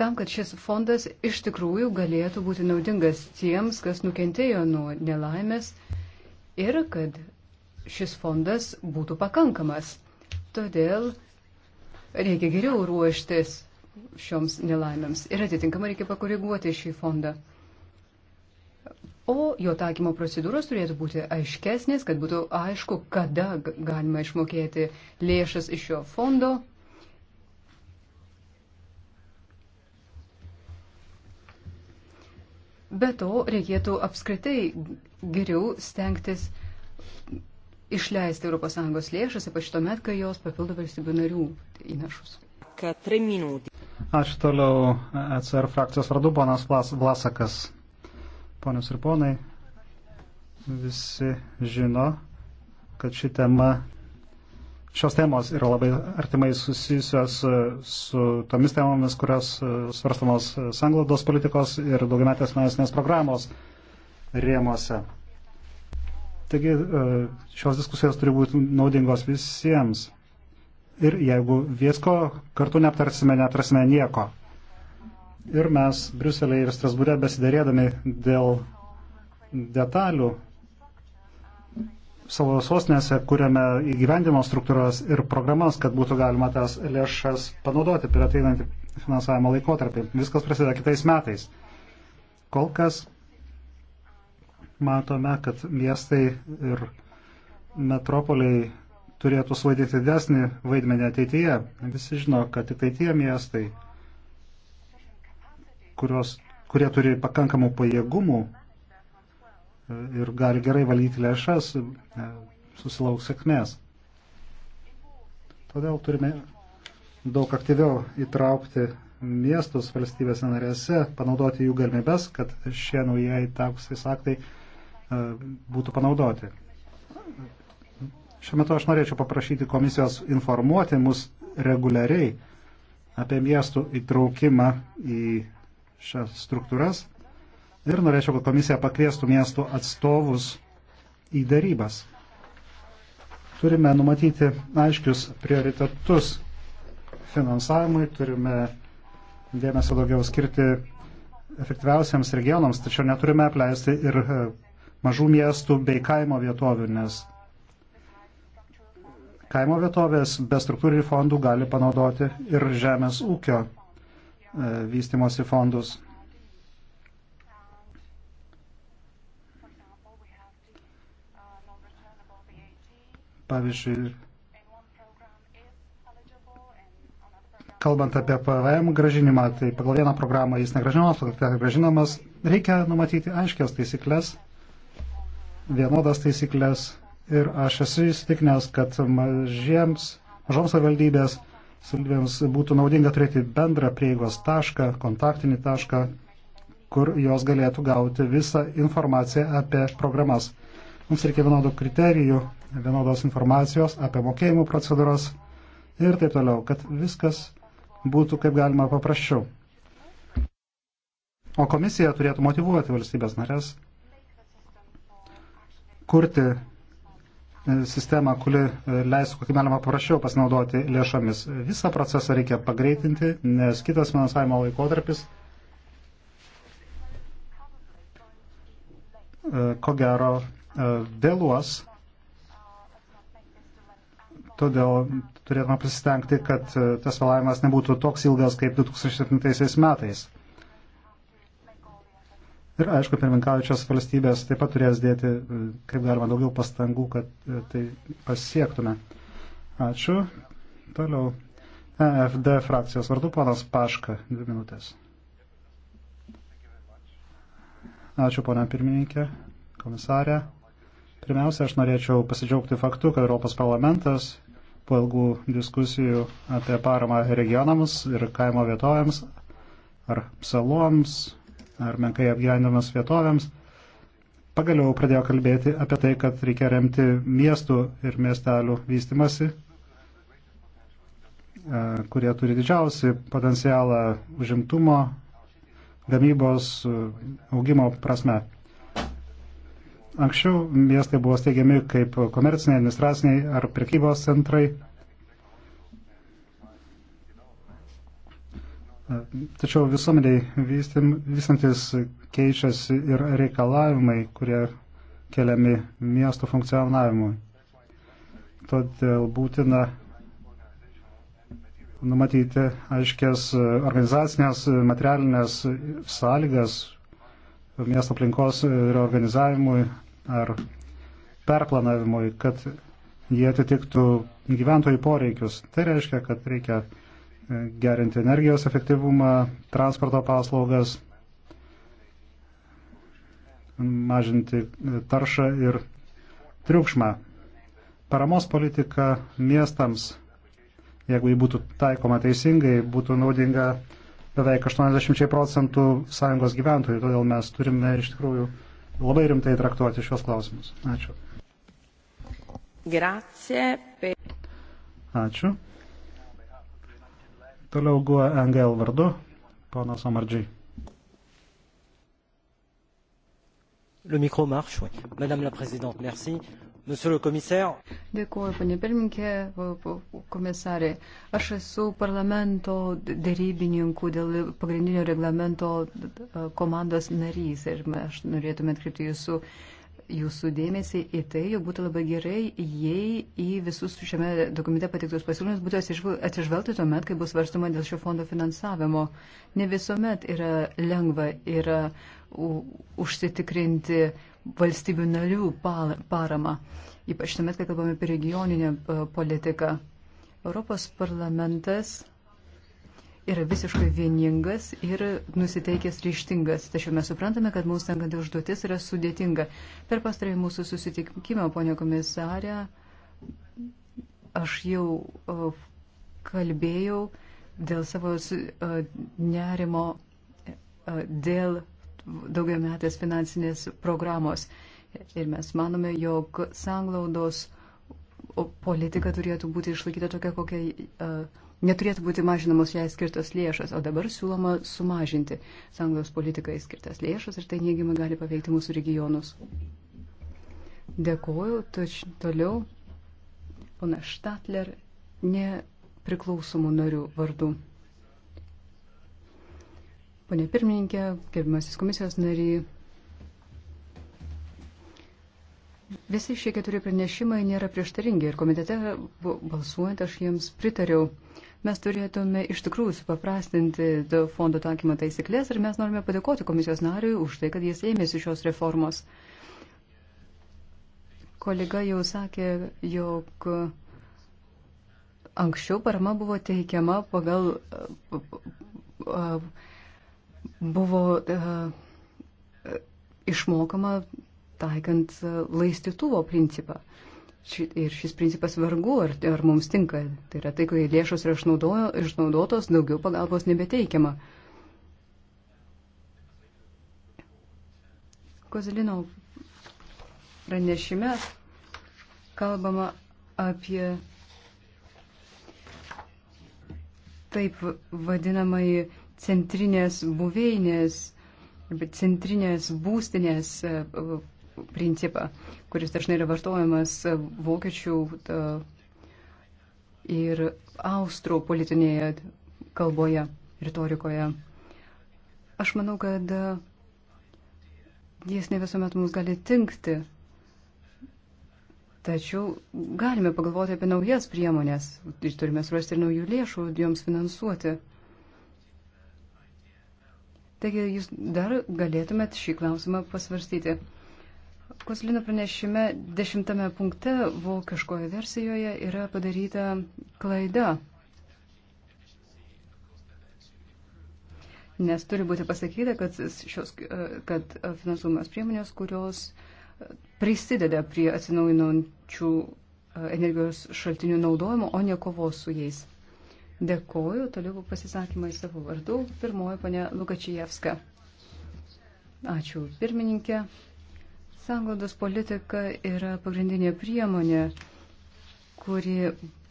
Tam, kad šis fondas iš tikrųjų galėtų būti naudingas tiems, kas nukentėjo nuo nelaimės ir kad šis fondas būtų pakankamas. Todėl reikia geriau ruoštis šioms nelaimėms ir atitinkamai reikia pakoreguoti šį fondą o jo taikymo procedūros turėtų būti aiškesnės, kad būtų aišku, kada galima išmokėti lėšas iš šio fondo. Be to, reikėtų apskritai geriau stengtis išleisti ES lėšas, ypač tuomet, kai jos papildo valstybių narių įnašus. Ačiū toliau ECR frakcijos vardu, ponas Vlasakas. Ponios ir ponai, visi žino, kad ši tema, šios temos yra labai artimai susijusios su, e, su tomis temomis, kurios e, svarstamos sanglaudos politikos ir daugiametės finansinės programos rėmose. Taigi e, šios diskusijos turi būti naudingos visiems. Ir jeigu visko kartu neaptarsime, neaptarsime nieko. Ir mes Briuselėje ir Strasbūre besidarėdami dėl detalių savo sostinėse kuriame įgyvendimo struktūras ir programas, kad būtų galima tas lėšas panaudoti per ateinantį finansavimo laikotarpį. Viskas prasideda kitais metais. Kol kas matome, kad miestai ir metropoliai turėtų suvaidinti didesnį vaidmenį ateityje. Visi žino, kad tik tai tie miestai kurios, kurie turi pakankamų pajėgumų e, ir gali gerai valyti lėšas, e, susilauks sėkmės. Todėl turime daug aktyviau įtraukti miestus valstybėse narėse, panaudoti jų galimybes, kad šie naujieji taksais aktai e, būtų panaudoti. Šiuo metu aš norėčiau paprašyti komisijos informuoti mus reguliariai apie miestų įtraukimą į šias struktūras ir norėčiau, kad komisija pakviestų miestų atstovus į darybas. Turime numatyti aiškius prioritetus finansavimui, turime dėmesio daugiau skirti efektyviausiams regionams, tačiau neturime apleisti ir e, mažų miestų bei kaimo vietovių, nes kaimo vietovės be struktūrinių fondų gali panaudoti ir žemės ūkio E, vystimosi fondus. Pavyzdžiui, kalbant apie PVM gražinimą, tai pagal vieną programą jis negražinamas, pagal kitą gražinamas. Reikia numatyti aiškias taisyklės, vienodas taisyklės ir aš esu įsitikinęs, kad mažiems, mažoms savivaldybės Silvėms būtų naudinga turėti bendrą prieigos tašką, kontaktinį tašką, kur jos galėtų gauti visą informaciją apie programas. Mums reikia vienodų kriterijų, vienodos informacijos apie mokėjimų procedūras ir taip toliau, kad viskas būtų kaip galima paprasčiau. O komisija turėtų motivuoti valstybės narės kurti sistemą, kuri e, leistų kokį galima paprasčiau pasinaudoti lėšomis. Visą procesą reikia pagreitinti, nes kitas finansavimo laikotarpis e, ko gero e, vėluos. Todėl turėtume pasistengti, kad tas vėlavimas nebūtų toks ilgas kaip 2007 metais. Ir aišku, pirminkaujančios valstybės taip pat turės dėti, e, kaip galima, daugiau pastangų, kad e, tai pasiektume. Ačiū. Toliau. EFD frakcijos vardu ponas Paška, dvi minutės. Ačiū, ponia pirmininkė, komisarė. Pirmiausia, aš norėčiau pasidžiaugti faktu, kad Europos parlamentas po ilgų diskusijų apie paramą regionams ir kaimo vietovėms ar saloms ar menkai apgyvendinamas vietovėms, pagaliau pradėjo kalbėti apie tai, kad reikia remti miestų ir miestelių vystimasi, kurie turi didžiausią potencialą užimtumo, gamybos, augimo prasme. Anksčiau miestai buvo steigiami kaip komerciniai, administraciniai ar prekybos centrai Tačiau visuomeniai vystantis keičiasi ir reikalavimai, kurie keliami miesto funkcionavimui. Todėl būtina numatyti aiškės organizacinės, materialinės sąlygas miesto aplinkos reorganizavimui ar perplanavimui, kad jie atitiktų gyventojų poreikius. Tai reiškia, kad reikia gerinti energijos efektyvumą, transporto paslaugas, mažinti taršą ir triukšmą. Paramos politika miestams, jeigu jį būtų taikoma teisingai, būtų naudinga beveik 80 procentų sąjungos gyventojų, todėl mes turime iš tikrųjų labai rimtai traktuoti šios klausimus. Ačiū. Grazie. Ačiū. Toliau guo e NGL vardu, ponas Omardžiai. Le micro marche, oui. Madame la Présidente, merci. Monsieur le commissaire. Dėkuoju, panė pirmininkė, komisarė. Aš esu parlamento dėrybininkų dėl pagrindinio reglamento komandos narys ir aš norėtume atkreipti jūsų jūsų dėmesį į tai, jog būtų labai gerai, jei į visus šiame dokumente patiktus pasiūlymus būtų atsižvelgti tuomet, kai bus svarstama dėl šio fondo finansavimo. Ne visuomet yra lengva yra užsitikrinti valstybių narių paramą, ypač tuomet, kai kalbame apie regioninę e, politiką. Europos parlamentas yra visiškai vieningas ir nusiteikęs ryštingas. Tačiau mes suprantame, kad mums tenkanti užduotis yra sudėtinga. Per pastarąjį mūsų susitikimą, ponio komisarė, aš jau kalbėjau dėl savo nerimo, dėl daugiametės finansinės programos. Ir mes manome, jog sanglaudos politika turėtų būti išlaikyta tokia, kokia neturėtų būti mažinamos jai skirtos lėšas, o dabar siūloma sumažinti sąjungos politikai skirtas lėšas ir tai neigiamai gali paveikti mūsų regionus. Dėkuoju, tač, toliau pana Štatler nepriklausomų narių vardu. Pane pirmininkė, gerbimasis komisijos nariai, Visi šie keturi pranešimai nėra prieštaringi ir komitete balsuojant aš jiems pritariau. Mes turėtume iš tikrųjų supaprastinti fondo tankymo taisyklės ir mes norime padėkoti komisijos nariui už tai, kad jis ėmėsi šios reformos. Kolega jau sakė, jog anksčiau parama buvo teikiama pagal. buvo išmokama taikant laistituvo principą. Ir šis principas vargu, ar, ar mums tinka. Tai yra tai, kai lėšos yra išnaudotos, daugiau pagalbos nebeteikiama. Kozalino pranešime kalbama apie taip vadinamai centrinės buveinės, centrinės būstinės e, principą kuris dažnai yra vartojamas e, vokiečių e, ir austrų politinėje kalboje, retorikoje. Aš manau, kad e, jis ne visuomet mums gali tinkti, tačiau galime pagalvoti apie naujas priemonės ir turime surasti ir naujų lėšų joms finansuoti. Taigi jūs dar galėtumėt šį klausimą pasvarstyti. Koslino pranešime dešimtame punkte vokiškoje versijoje yra padaryta klaida. Nes turi būti pasakyta, kad, šios, e, kad e, finansuomas priemonės, kurios e, prisideda prie atsinaujinančių energijos šaltinių naudojimo, o ne kovos su jais. Dėkoju, toliau pasisakymai savo vardu. Pirmoji, ponia Lukačijevska. Ačiū, pirmininkė. Sanglaudos politika yra pagrindinė priemonė, kuri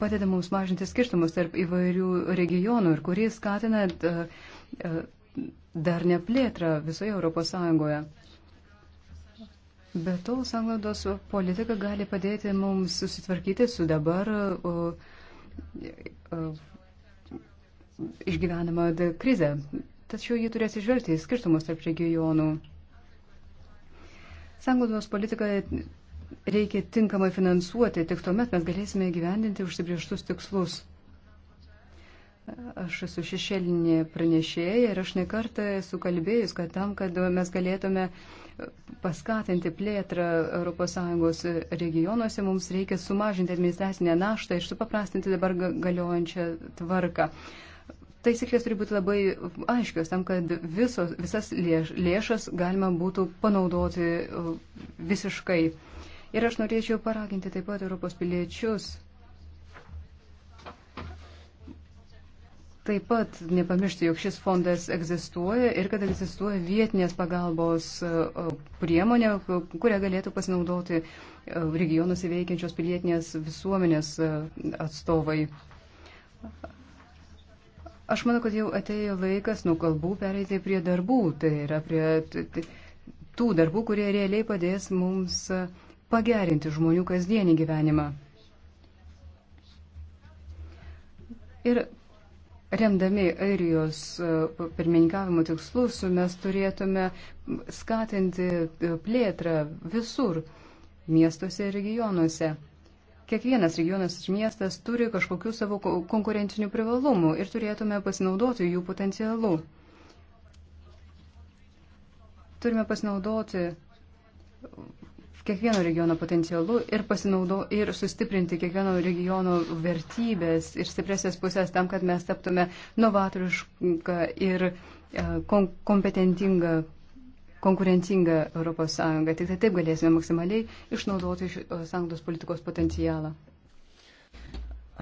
padeda mums mažinti skirtumus tarp įvairių regionų ir kuri skatina e, e, dar neplėtrą visoje Europos Sąjungoje. Be to, sanglaudos politika gali padėti mums susitvarkyti su dabar išgyvenama krize. Tačiau ji turės išvelgti skirtumus tarp regionų. Sanglaudos politiką reikia tinkamai finansuoti, tik tuomet mes galėsime gyvendinti užsibrieštus tikslus. Aš esu šešėlinė pranešėja ir aš nekartą esu kalbėjus, kad tam, kad mes galėtume paskatinti plėtrą ES regionuose, mums reikia sumažinti administracinę naštą ir supaprastinti dabar galiojančią tvarką. Uh, taisyklės turi būti labai aiškios tam, kad visos, visas lėš, lėšas galima būtų panaudoti uh, visiškai. Ir aš norėčiau paraginti taip pat Europos piliečius taip pat nepamiršti, jog šis fondas egzistuoja ir kad egzistuoja vietinės pagalbos uh, priemonė, kurią galėtų pasinaudoti uh, regionus įveikiančios pilietinės visuomenės atstovai. Aš manau, kad jau atėjo laikas nuo kalbų pereiti prie darbų, tai yra prie tų darbų, kurie realiai padės mums pagerinti žmonių kasdienį gyvenimą. Ir remdami airijos e, pirmininkavimo tikslus, mes turėtume skatinti plėtrą visur, miestuose ir regionuose. Kiekvienas regionas ir miestas turi kažkokių savo konkurencinių privalumų ir turėtume pasinaudoti jų potencialu. Turime pasinaudoti kiekvieno regiono potencialu ir, pasinaudo, ir sustiprinti kiekvieno regiono vertybės ir stipresės pusės tam, kad mes taptume novatorišką ir e, kompetentingą konkurencingą ES. Tik tai taip galėsime maksimaliai išnaudoti sąjungos politikos potencialą.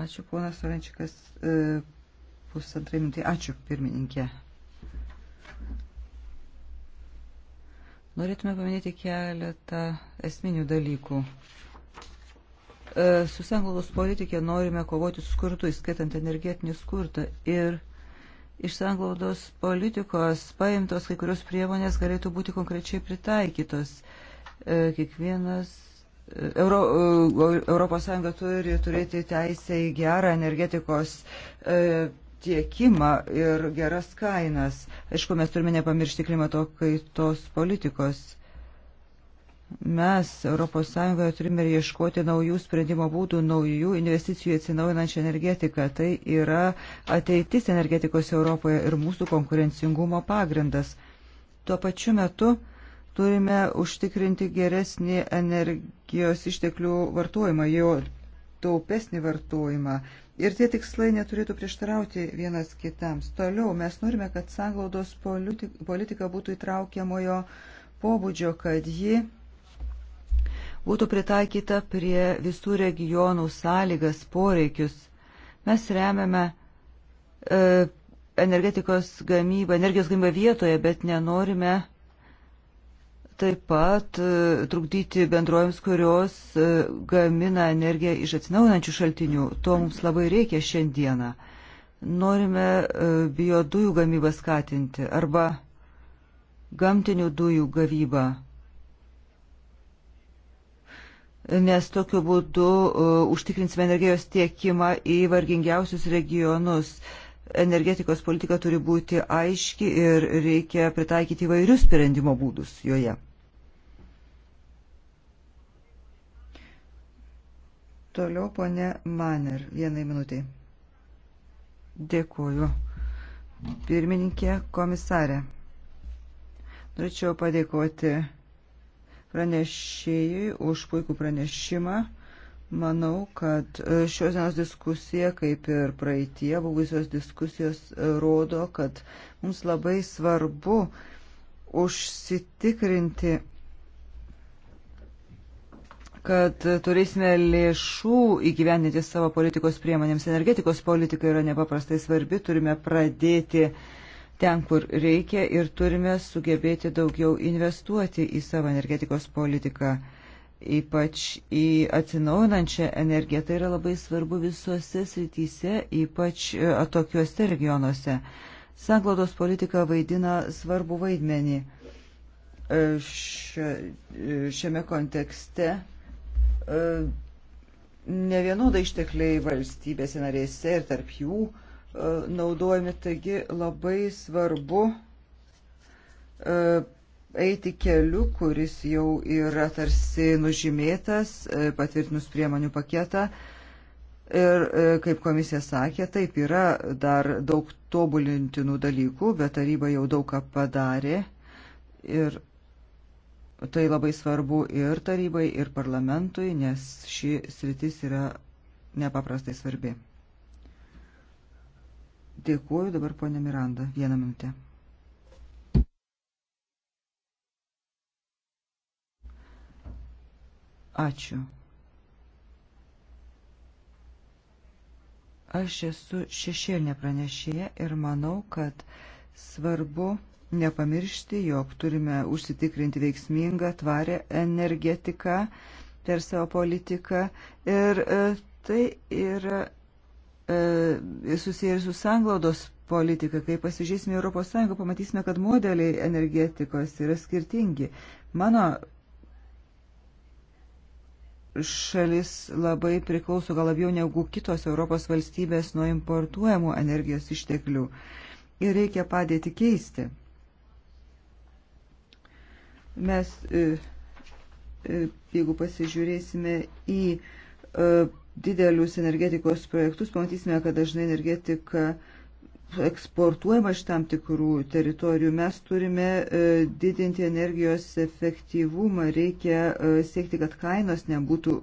Ačiū, ponas Orenčikas. E, pusantrai mintai. Ačiū, pirmininkė. Norėtume paminėti keletą esminių dalykų. E, su sąjungos politikė norime kovoti su skurdu, įskaitant energetinį skurdą. Ir uh, iš sanglaudos politikos paimtos kai kurios priemonės galėtų būti konkrečiai pritaikytos. E, kiekvienas e, Euro, e, Europos Sąjunga turi turėti teisę į gerą energetikos tiekimą ir geras kainas. Aišku, mes turime nepamiršti klimato kaitos politikos. Mes ES turime ieškoti naujų sprendimo būdų, naujų investicijų į atsinaujinančią energetiką. Tai yra ateitis energetikos Europoje ir mūsų konkurencingumo pagrindas. Tuo pačiu metu turime užtikrinti geresnį energijos išteklių vartojimą, jo taupesnį vartojimą. Ir tie tikslai neturėtų prieštarauti vienas kitams. Toliau mes norime, kad sanglaudos politika būtų įtraukiamojo pobūdžio, kad ji būtų pritaikyta prie visų regionų sąlygas, poreikius. Mes remiame e, energetikos gamybą, energijos gamybą vietoje, bet nenorime taip pat e, trukdyti bendrojams, kurios e, gamina energiją iš atsinaujinančių šaltinių. To mums labai reikia šiandieną. Norime e, biodujų gamybą skatinti arba gamtinių dujų gavybą nes tokiu būdu e, užtikrinsime energijos tiekimą į vargingiausius regionus. Energetikos politika turi būti aiški ir reikia pritaikyti įvairius sprendimo būdus joje. Toliau ponė Maner, vienai minutiai. Dėkuoju. Pirmininkė, komisarė. Norėčiau padėkoti pranešėjai už puikų pranešimą. Manau, kad e, šios dienos diskusija, kaip ir praeitie buvusios diskusijos, e, rodo, kad mums labai svarbu užsitikrinti, kad turėsime lėšų įgyvendinti savo politikos priemonėms. Energetikos politika yra nepaprastai svarbi, turime pradėti uh, ten, kur reikia ir turime sugebėti daugiau investuoti į savo energetikos politiką, ypač į atsinaujinančią energiją. Tai yra labai svarbu visuose srityse, ypač e, atokiuose regionuose. Sanglaudos politika vaidina svarbu vaidmenį e, e, šiame kontekste nevienodai ištekliai valstybėse narėse ir tarp jų uh, naudojami. Taigi labai svarbu e, eiti keliu, kuris jau yra tarsi nužymėtas, e, patvirtinus priemonių paketą. Ir e, kaip komisija sakė, taip yra dar daug tobulintinų dalykų, bet taryba jau daug ką padarė. Ir tai labai svarbu ir tarybai, ir parlamentui, nes ši sritis yra nepaprastai svarbi. Dėkuoju dabar ponė Miranda. Vieną minutę. Ačiū. Aš esu šešėlinė pranešėja ir manau, kad svarbu nepamiršti, jog turime užsitikrinti veiksmingą, tvarę energetiką per savo politiką. Ir e, tai yra E, susiję ir su sanglaudos politika. Kai pasižiūrėsime Europos Sąjungą, pamatysime, kad modeliai energetikos yra skirtingi. Mano šalis labai priklauso gal labiau negu kitos Europos valstybės nuo importuojamų energijos išteklių. Ir reikia padėti keisti. Mes, e, e, jeigu pasižiūrėsime į didelius energetikos projektus, pamatysime, kad dažnai energetika eksportuojama iš tam tikrų teritorijų. Mes turime e, didinti energijos efektyvumą, reikia e, siekti, kad kainos nebūtų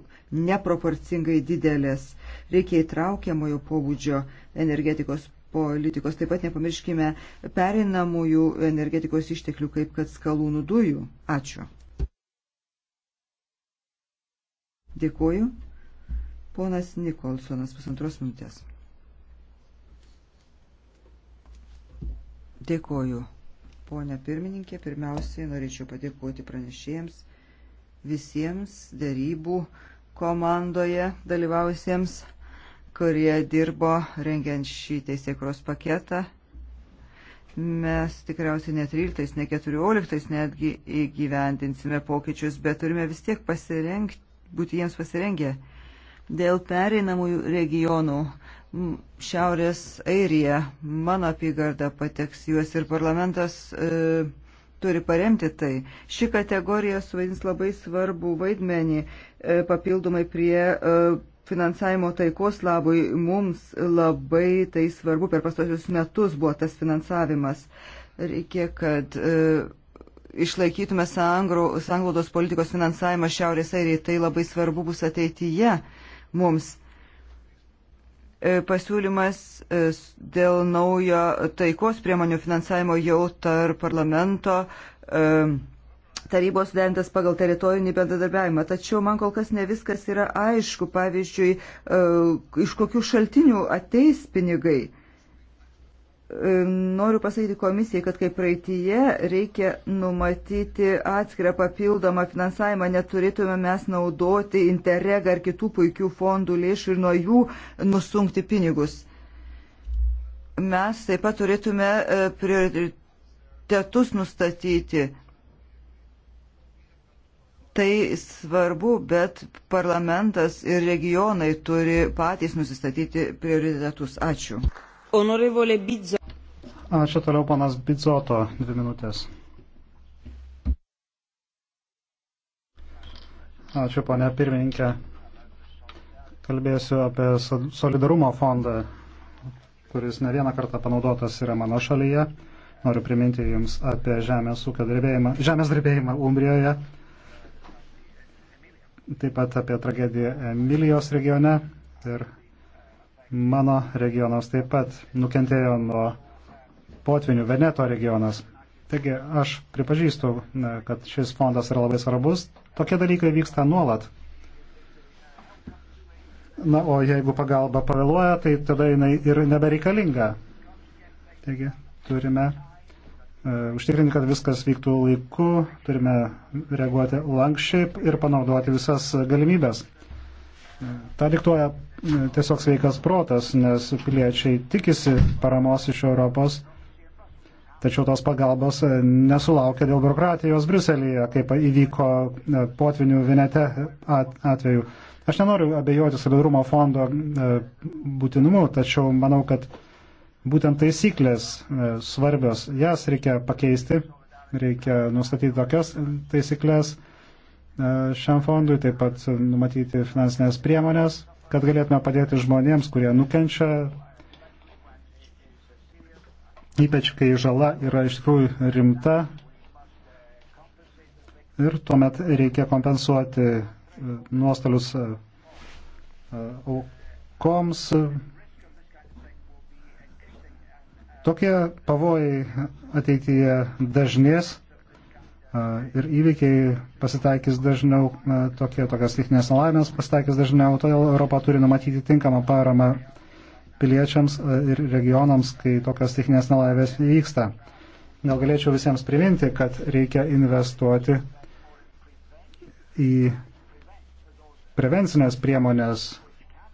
neproporcingai didelės. Reikia įtraukiamojo pobūdžio energetikos politikos. Taip pat nepamirškime perinamųjų energetikos išteklių, kaip kad skalūnų dujų. Ačiū. Dėkuoju. Ponas Nikolsonas, pusantros minutės. Dėkoju, ponia pirmininkė. Pirmiausiai norėčiau padėkoti pranešėjams visiems darybų komandoje dalyvausiems, kurie dirbo rengiant šį teisėkros paketą. Mes tikriausiai ne 13, ne 14 netgi įgyvendinsime pokyčius, bet turime vis tiek pasirengti, būti jiems pasirengę. Dėl pereinamųjų regionų Šiaurės Airija, mano apygarda pateks juos ir parlamentas e, turi paremti tai. Ši kategorija suvaidins labai svarbų vaidmenį e, papildomai prie e, finansavimo taikos labui. Mums labai tai svarbu, per pastosius metus buvo tas finansavimas. Reikia, kad. E, Išlaikytume sanglaudos politikos finansavimą Šiaurės Airijai, tai labai svarbu bus ateityje. Uh, mums. E, pasiūlymas e, dėl naujo taikos priemonių finansavimo jau tarp parlamento e, tarybos lentas pagal teritorinį bendradarbiavimą. Tačiau man kol kas ne viskas yra aišku. Pavyzdžiui, iš kokių šaltinių ateis pinigai. Noriu pasakyti komisijai, kad kaip praeitie reikia numatyti atskirą papildomą finansavimą, neturėtume mes naudoti Interreg ar kitų puikių fondų lėšų ir nuo jų nusunkti pinigus. Mes taip pat turėtume e, prioritetus nustatyti. Tai svarbu, bet parlamentas ir regionai turi patys nusistatyti prioritetus. Ačiū. Honorevole Bizzo. Ačiū toliau panas Bidzoto, dvi minutės. Ačiū pane pirmininkė. Kalbėsiu apie solidarumo fondą, kuris ne vieną kartą panaudotas yra mano šalyje. Noriu priminti Jums apie žemės ūkio drebėjimą, žemės drebėjimą Umbrijoje, taip pat apie tragediją Emilijos regione ir mano regionas taip pat nukentėjo nuo potvinių Veneto regionas. Taigi aš pripažįstu, kad šis fondas yra labai svarbus. Tokie dalykai vyksta nuolat. Na, o jeigu pagalba pavėluoja, tai tada jinai ir nebereikalinga. Taigi turime e, užtikrinti, kad viskas vyktų laiku, turime reaguoti lankščiai ir panaudoti visas galimybės. E, Ta diktuoja e, tiesiog sveikas protas, nes piliečiai tikisi paramos iš Europos tačiau tos pagalbos e, nesulaukia dėl biurokratijos Bruselėje, kaip įvyko e, potvinių Vinete atveju. Aš nenoriu abejoti solidarumo fondo e, būtinumu, tačiau manau, kad būtent taisyklės svarbios, jas reikia pakeisti, reikia nustatyti tokias taisyklės šiam fondui, taip pat numatyti finansinės priemonės, kad galėtume padėti žmonėms, kurie nukenčia ypač kai žala yra iš tikrųjų rimta ir tuomet reikia kompensuoti e, nuostolius e, e, aukoms. Tokie pavojai ateityje dažnės ir įvykiai pasitaikys dažniau, tokie, tokias techninės nelaimės pasitaikys dažniau, todėl Europa turi numatyti tinkamą paramą piliečiams e, ir regionams, kai tokios techninės nelaimės vyksta. Gal galėčiau visiems priminti, kad reikia investuoti į prevencinės priemonės,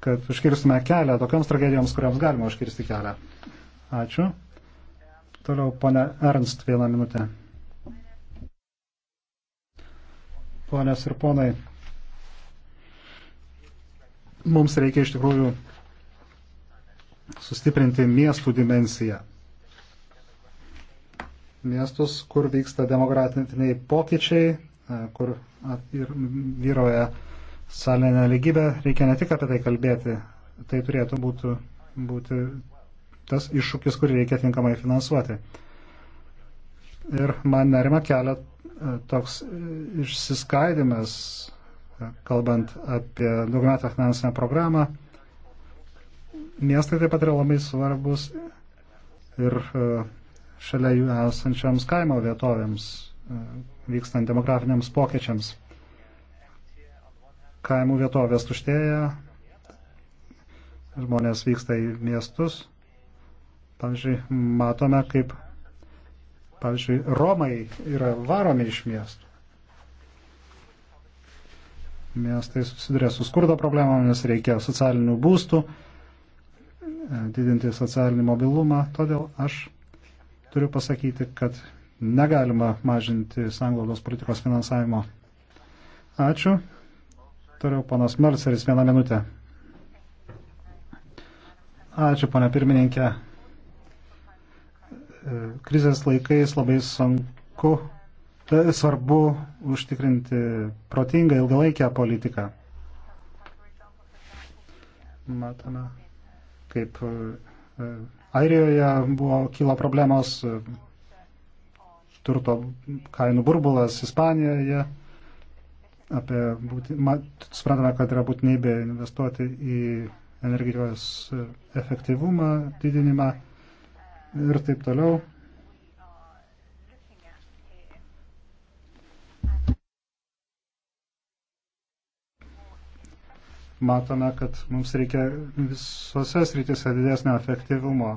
kad užkirstume kelią tokiams tragedijoms, kuriams galima užkirsti kelią. Ačiū. Toliau, ponė Ernst, vieną minutę. Ponės ir ponai, mums reikia iš tikrųjų sustiprinti miestų dimensiją. Miestus, kur vyksta demokratiniai pokyčiai, e, kur vyroja salinė lygybė, reikia ne tik apie tai kalbėti. Tai turėtų būtų, būti tas iššūkis, kurį reikia tinkamai finansuoti. Ir man nerima kelia e, toks e, išsiskaidimas, kalbant apie daugiametę finansinę programą Miestai taip pat yra labai svarbus ir e, šalia jų esančiams kaimo vietovėms e, vykstant demografiniams pokyčiams. Kaimų vietovės tuštėja, žmonės vyksta į miestus. Pavyzdžiui, matome, kaip, pavyzdžiui, Romai yra varomi iš miestų. Miestai susiduria su skurdo problemomis, reikia socialinių būstų didinti socialinį mobilumą. Todėl aš turiu pasakyti, kad negalima mažinti sanglaudos politikos finansavimo. Ačiū. Turiu panas Merceris vieną minutę. Ačiū, ponia pirmininkė. Krizės laikais labai sunku, e, svarbu užtikrinti protingą ilgalaikę politiką. Matome kaip e, e, Airijoje buvo kilo problemos, e, turto kainų burbulas Ispanijoje, apie, mat, suprantame, kad yra būtinybė investuoti į energijos efektyvumą, didinimą ir taip toliau. matome, kad mums reikia visose srityse didesnio efektyvumo.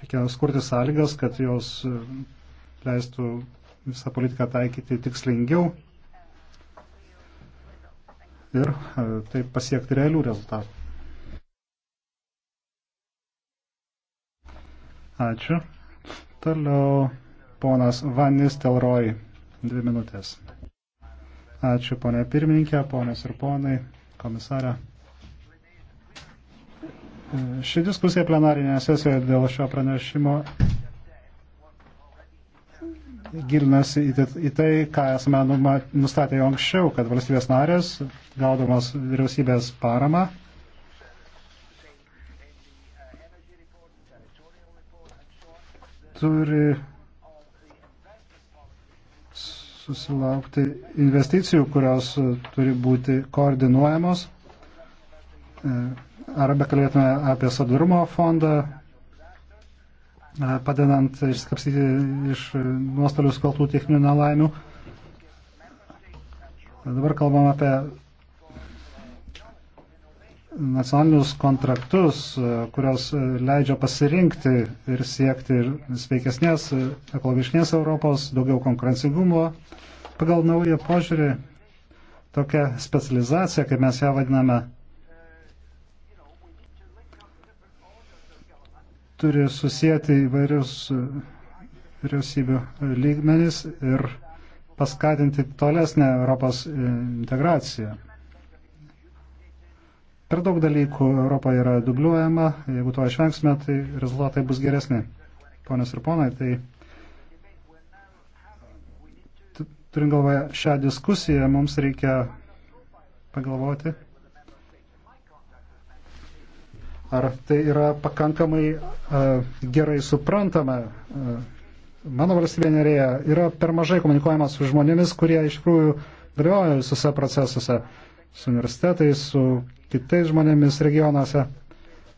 Reikia skurti sąlygas, kad jos leistų visą politiką taikyti tikslingiau ir e, taip pasiekti realių rezultatų. Ačiū. Toliau ponas Vanis Telroj. Dvi minutės. Ačiū ponė pirmininkė, ponės ir ponai, komisarė. Ši diskusija plenarinėje sesijoje dėl šio pranešimo gilinasi į tai, ką esame nustatę jau anksčiau, kad valstybės narės, gaudamos vyriausybės paramą, turi susilaukti investicijų, kurios e, turi būti koordinuojamos. E, Arba kalbėtume apie sadarumo fondą, e, padedant išskapsyti iš nuostolių skaltų techninių nelaimių. Dabar kalbam apie nacionalinius kontraktus, e, kurios e, leidžia pasirinkti ir siekti ir sveikesnės, e, ekologiškės Europos, daugiau konkurencingumo. Pagal naują požiūrį tokia specializacija, kaip mes ją vadiname, turi susijęti įvairius vyriausybių lygmenis ir paskatinti tolesnę Europos integraciją. Per daug dalykų Europoje yra dubliuojama, jeigu to išvengsime, tai rezultatai bus geresni. Ponios ir ponai, tai turint galvoje šią diskusiją, mums reikia pagalvoti, ar tai yra pakankamai uh, gerai suprantama. Uh, mano valstybė nerėja yra per mažai komunikuojama su žmonėmis, kurie iš tikrųjų dalyvauja visose procesuose, su universitetais, su kitais žmonėmis regionuose.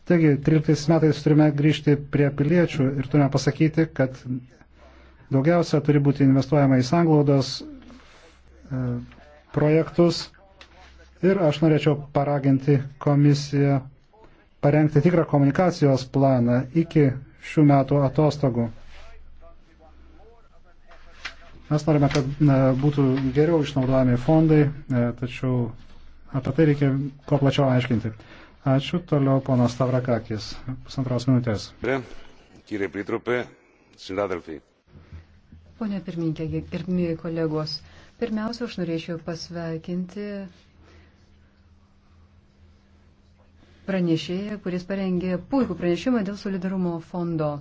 Taigi, 13 metais turime grįžti prie piliečių ir turime pasakyti, kad daugiausia turi būti investuojama į sanglaudos e, projektus. Ir aš norėčiau paraginti komisiją parengti tikrą komunikacijos planą iki šių metų atostogų. Mes norime, kad būtų geriau išnaudojami fondai, e, tačiau Apie tai reikia kuo plačiau aiškinti. Ačiū toliau ponas Stavrakakis. Pusantros minutės. Pone pirmininkė ir mėly kolegos, pirmiausia, aš norėčiau pasveikinti pranešėją, kuris parengė puikų pranešimą dėl solidarumo fondo.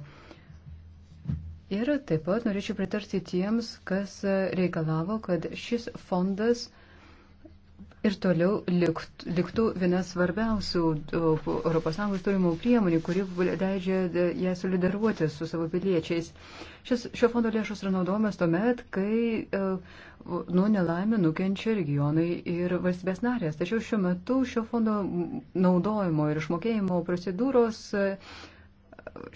Ir taip pat norėčiau pritarti tiems, kas reikalavo, kad šis fondas ir toliau likt, liktų viena svarbiausių ES turimų priemonių, kuri leidžia e, ją solidaruoti su savo piliečiais. Šis, šio fondo lėšos yra naudojamas tuomet, kai e, nuo nelaimė nukenčia regionai ir valstybės narės. Tačiau šiuo metu šio fondo naudojimo ir išmokėjimo procedūros e,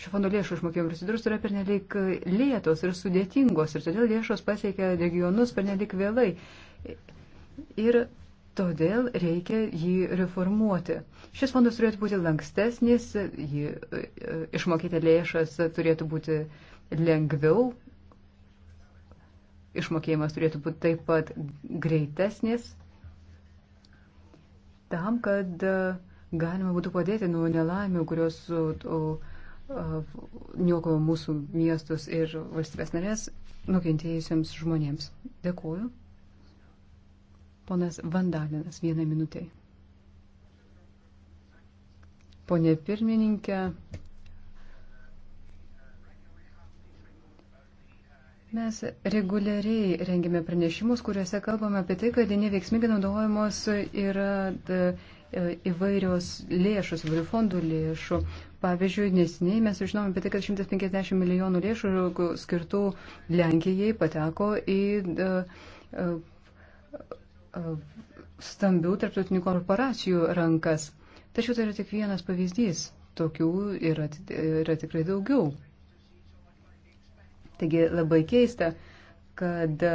šio fondo lėšų išmokėjimo procedūros yra pernelik lėtos ir sudėtingos ir todėl lėšos pasiekia regionus pernelik vėlai. Ir todėl reikia jį reformuoti. Šis fondas turėtų būti lankstesnis, jį e, e, išmokyti lėšas turėtų būti lengviau, išmokėjimas turėtų būti taip pat greitesnis, tam, kad e, galima būtų padėti nuo nelaimių, kurios niokojo mūsų miestus ir valstybės narės nukentėjusiems žmonėms. Dėkuoju. Ponas Vandalinas, vieną minutę. Pone pirmininkė, Mes reguliariai rengiame pranešimus, kuriuose kalbame apie tai, kad neveiksmingai naudojamos yra e, įvairios lėšos, įvairių fondų lėšų. Pavyzdžiui, nesiniai mes žinome apie tai, kad 150 milijonų lėšų skirtų Lenkijai pateko į e, E, stambių tarptautinių korporacijų rankas. Tačiau tai yra tik vienas pavyzdys. Tokių yra, yra tikrai daugiau. Taigi labai keista, kad e,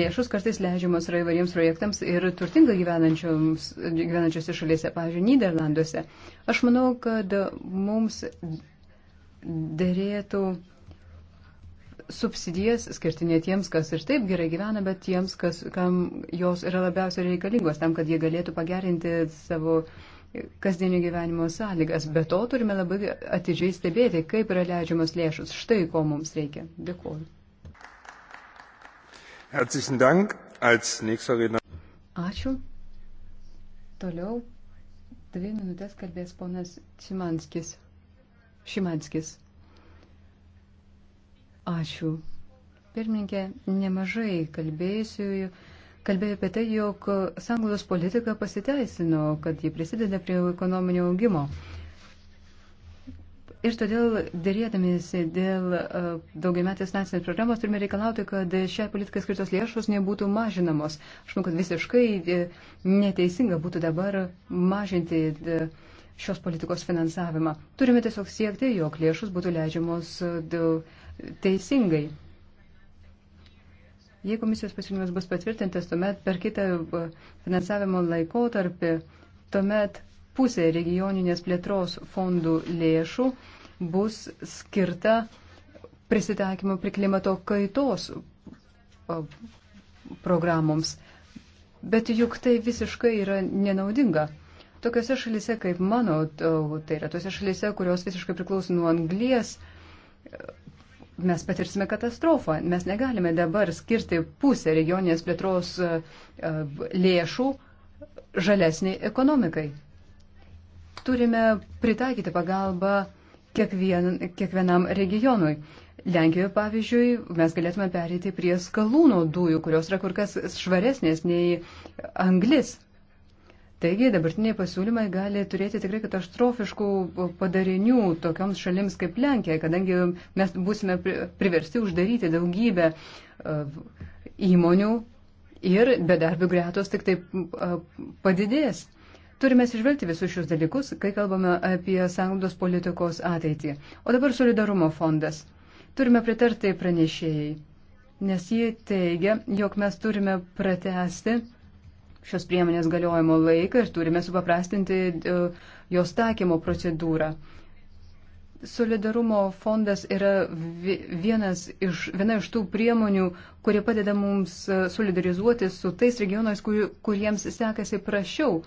lėšus kartais leidžiamos yra įvariems projektams ir turtingai gyvenančiose šalyse, pavyzdžiui, Niderlanduose. Aš manau, kad mums dėrėtų subsidijas skirti ne tiems, kas ir taip gerai gyvena, bet tiems, kas, kam jos yra labiausiai reikalingos, tam, kad jie galėtų pagerinti savo kasdienio gyvenimo sąlygas. Be to turime labai atidžiai stebėti, kaip yra leidžiamos lėšus. Štai ko mums reikia. Dėkuoju. Ačiū. Toliau dvi minutės kalbės ponas Šimanskis. Šimanskis. Ačiū. Pirmininkė, nemažai kalbėjusiųjų kalbėjo apie tai, jog sanglaudos politika pasiteisino, kad ji prisideda prie ekonominio augimo. Ir todėl dėrėdamėsi dėl e, daugiametės nacinės programos turime reikalauti, kad šiai politikai skirtos lėšos nebūtų mažinamos. Aš manau, kad visiškai e, neteisinga būtų dabar mažinti e, šios politikos finansavimą. Turime tiesiog siekti, jog lėšos būtų leidžiamos dėl. Daug teisingai. Jei komisijos pasiūlymas bus patvirtintas, tuomet per kitą e, finansavimo laikotarpį, tuomet pusė regioninės plėtros fondų lėšų bus skirta prisitaikymo prie klimato kaitos programoms. Bet juk tai visiškai yra nenaudinga. Tokiose šalise kaip mano, tai yra tose šalise, kurios visiškai priklauso nuo anglies, mes patirsime katastrofą. Mes negalime dabar skirti pusę regioninės plėtros e, e, lėšų žalesniai ekonomikai. Turime pritaikyti pagalbą kiekvien, kiekvienam regionui. Lenkijoje, pavyzdžiui, mes galėtume pereiti prie skalūno dujų, kurios yra kur kas švaresnės nei anglis. Taigi dabartiniai pasiūlymai gali turėti tikrai katastrofiškų padarinių tokioms šalims kaip Lenkija, kadangi mes būsime priversti uždaryti daugybę e, įmonių ir bedarbių gretos tik taip e, padidės. Turime išvelgti visus šius dalykus, kai kalbame apie sąjungos politikos ateitį. O dabar solidarumo fondas. Turime pritarti pranešėjai, nes jie teigia, jog mes turime pratesti šios priemonės galiojimo laiką ir turime supaprastinti e, jos taikymo procedūrą. Solidarumo fondas yra vienas iš, viena iš tų priemonių, kurie padeda mums e, solidarizuoti su tais regionais, kur, kuriems sekasi prašiau.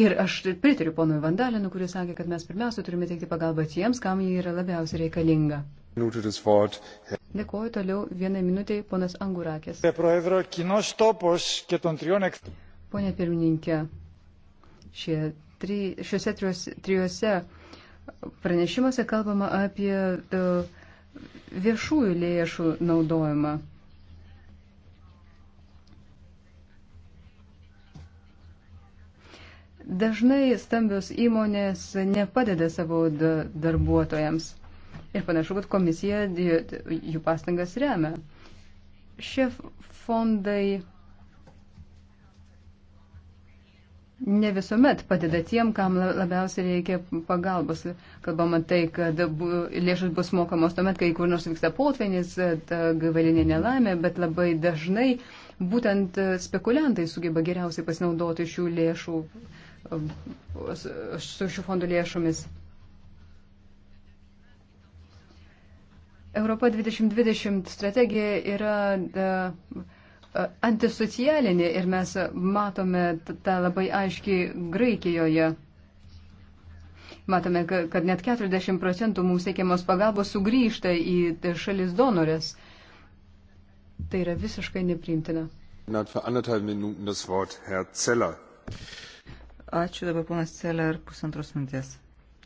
Ir aš pritariu ponui Vandalinu, kuris sakė, kad mes pirmiausia turime teikti pagalbą tiems, kam jį yra labiausiai reikalinga. Dėkuoju toliau vienai minutiai, ponas Angurakės. Pone pirmininkė, šie tri, šiuose trijuose pranešimuose kalbama apie e, viešųjų lėšų naudojimą. Dažnai stambios įmonės nepadeda savo darbuotojams. Ir panašu, kad komisija jų pastangas remia. Šie fondai ne visuomet padeda tiem, kam labiausiai reikia pagalbos. Kalbama tai, kad lėšos bus mokamos tuomet, kai kur nors vyksta potvenis, gavalinė nelaimė, bet labai dažnai būtent e, spekuliantai sugeba geriausiai pasinaudoti šių lėšų, e, su šių fondų lėšomis. Europa 2020 strategija yra antisocialinė ir mes matome tą labai aiškiai Graikijoje. Matome, kad net 40 procentų mums teikiamos pagalbos sugrįžta į šalis donorės. Tai yra visiškai nepriimtina. Ačiū dabar ponas Celler pusantros minties.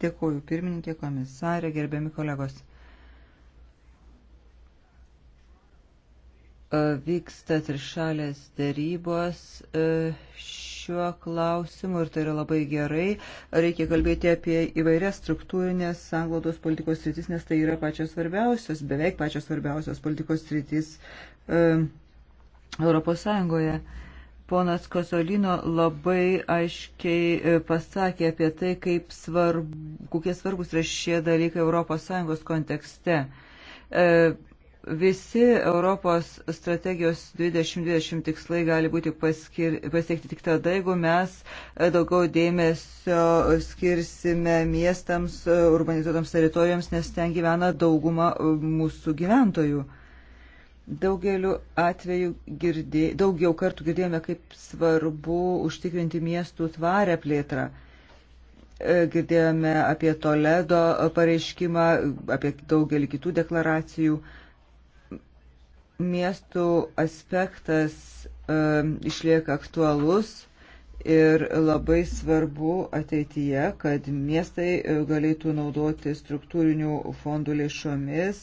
Dėkuoju pirmininkė, komisarė, gerbiami kolegos. E, vyksta trišalės dėrybos e, šiuo klausimu ir tai yra labai gerai. Reikia kalbėti apie įvairias struktūrinės sanglaudos politikos sritis, nes tai yra pačios svarbiausios, beveik pačios svarbiausios politikos sritis e, Europos Sąjungoje. Ponas Kosolino labai aiškiai pasakė apie tai, kaip svarb, kokie svarbus yra šie dalykai Europos Sąjungos kontekste Visi Europos strategijos 2020 tikslai gali būti paskir, pasiekti tik tada, jeigu mes e, daugiau dėmesio skirsime miestams, e, urbanizuotams teritorijoms, nes ten gyvena dauguma e, mūsų gyventojų. Daugeliu atveju girdė, daugiau kartų girdėjome, kaip svarbu užtikrinti miestų tvarę plėtrą girdėjome apie Toledo pareiškimą, apie daugelį kitų deklaracijų miestų aspektas um, išlieka aktualus ir labai svarbu ateityje, kad miestai e, galėtų naudoti struktūrinių fondų lėšomis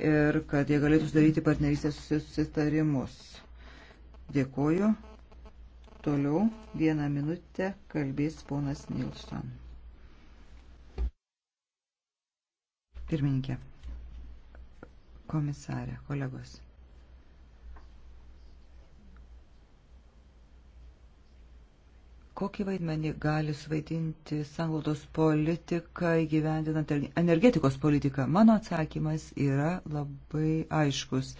ir kad jie galėtų sudaryti partnerystės susitarimus. Dėkoju. Toliau vieną minutę kalbės ponas Nilsson. Pirmininkė, komisarė, kolegos. Kokį vaidmenį gali suvaidinti sanglaudos politika įgyvendinant energetikos politiką? Mano atsakymas yra labai aiškus.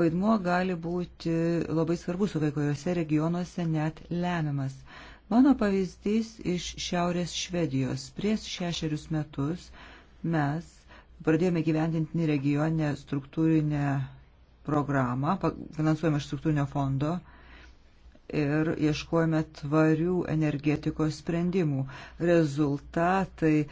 Vaidmuo gali būti labai svarbus, o kai kuriuose regionuose net lemiamas. Mano pavyzdys iš Šiaurės Švedijos. Prieš šešerius metus mes pradėjome gyvendinti regioninę struktūrinę programą, finansuojame iš struktūrinio fondo ir ieškojame tvarių energetikos sprendimų. Rezultatai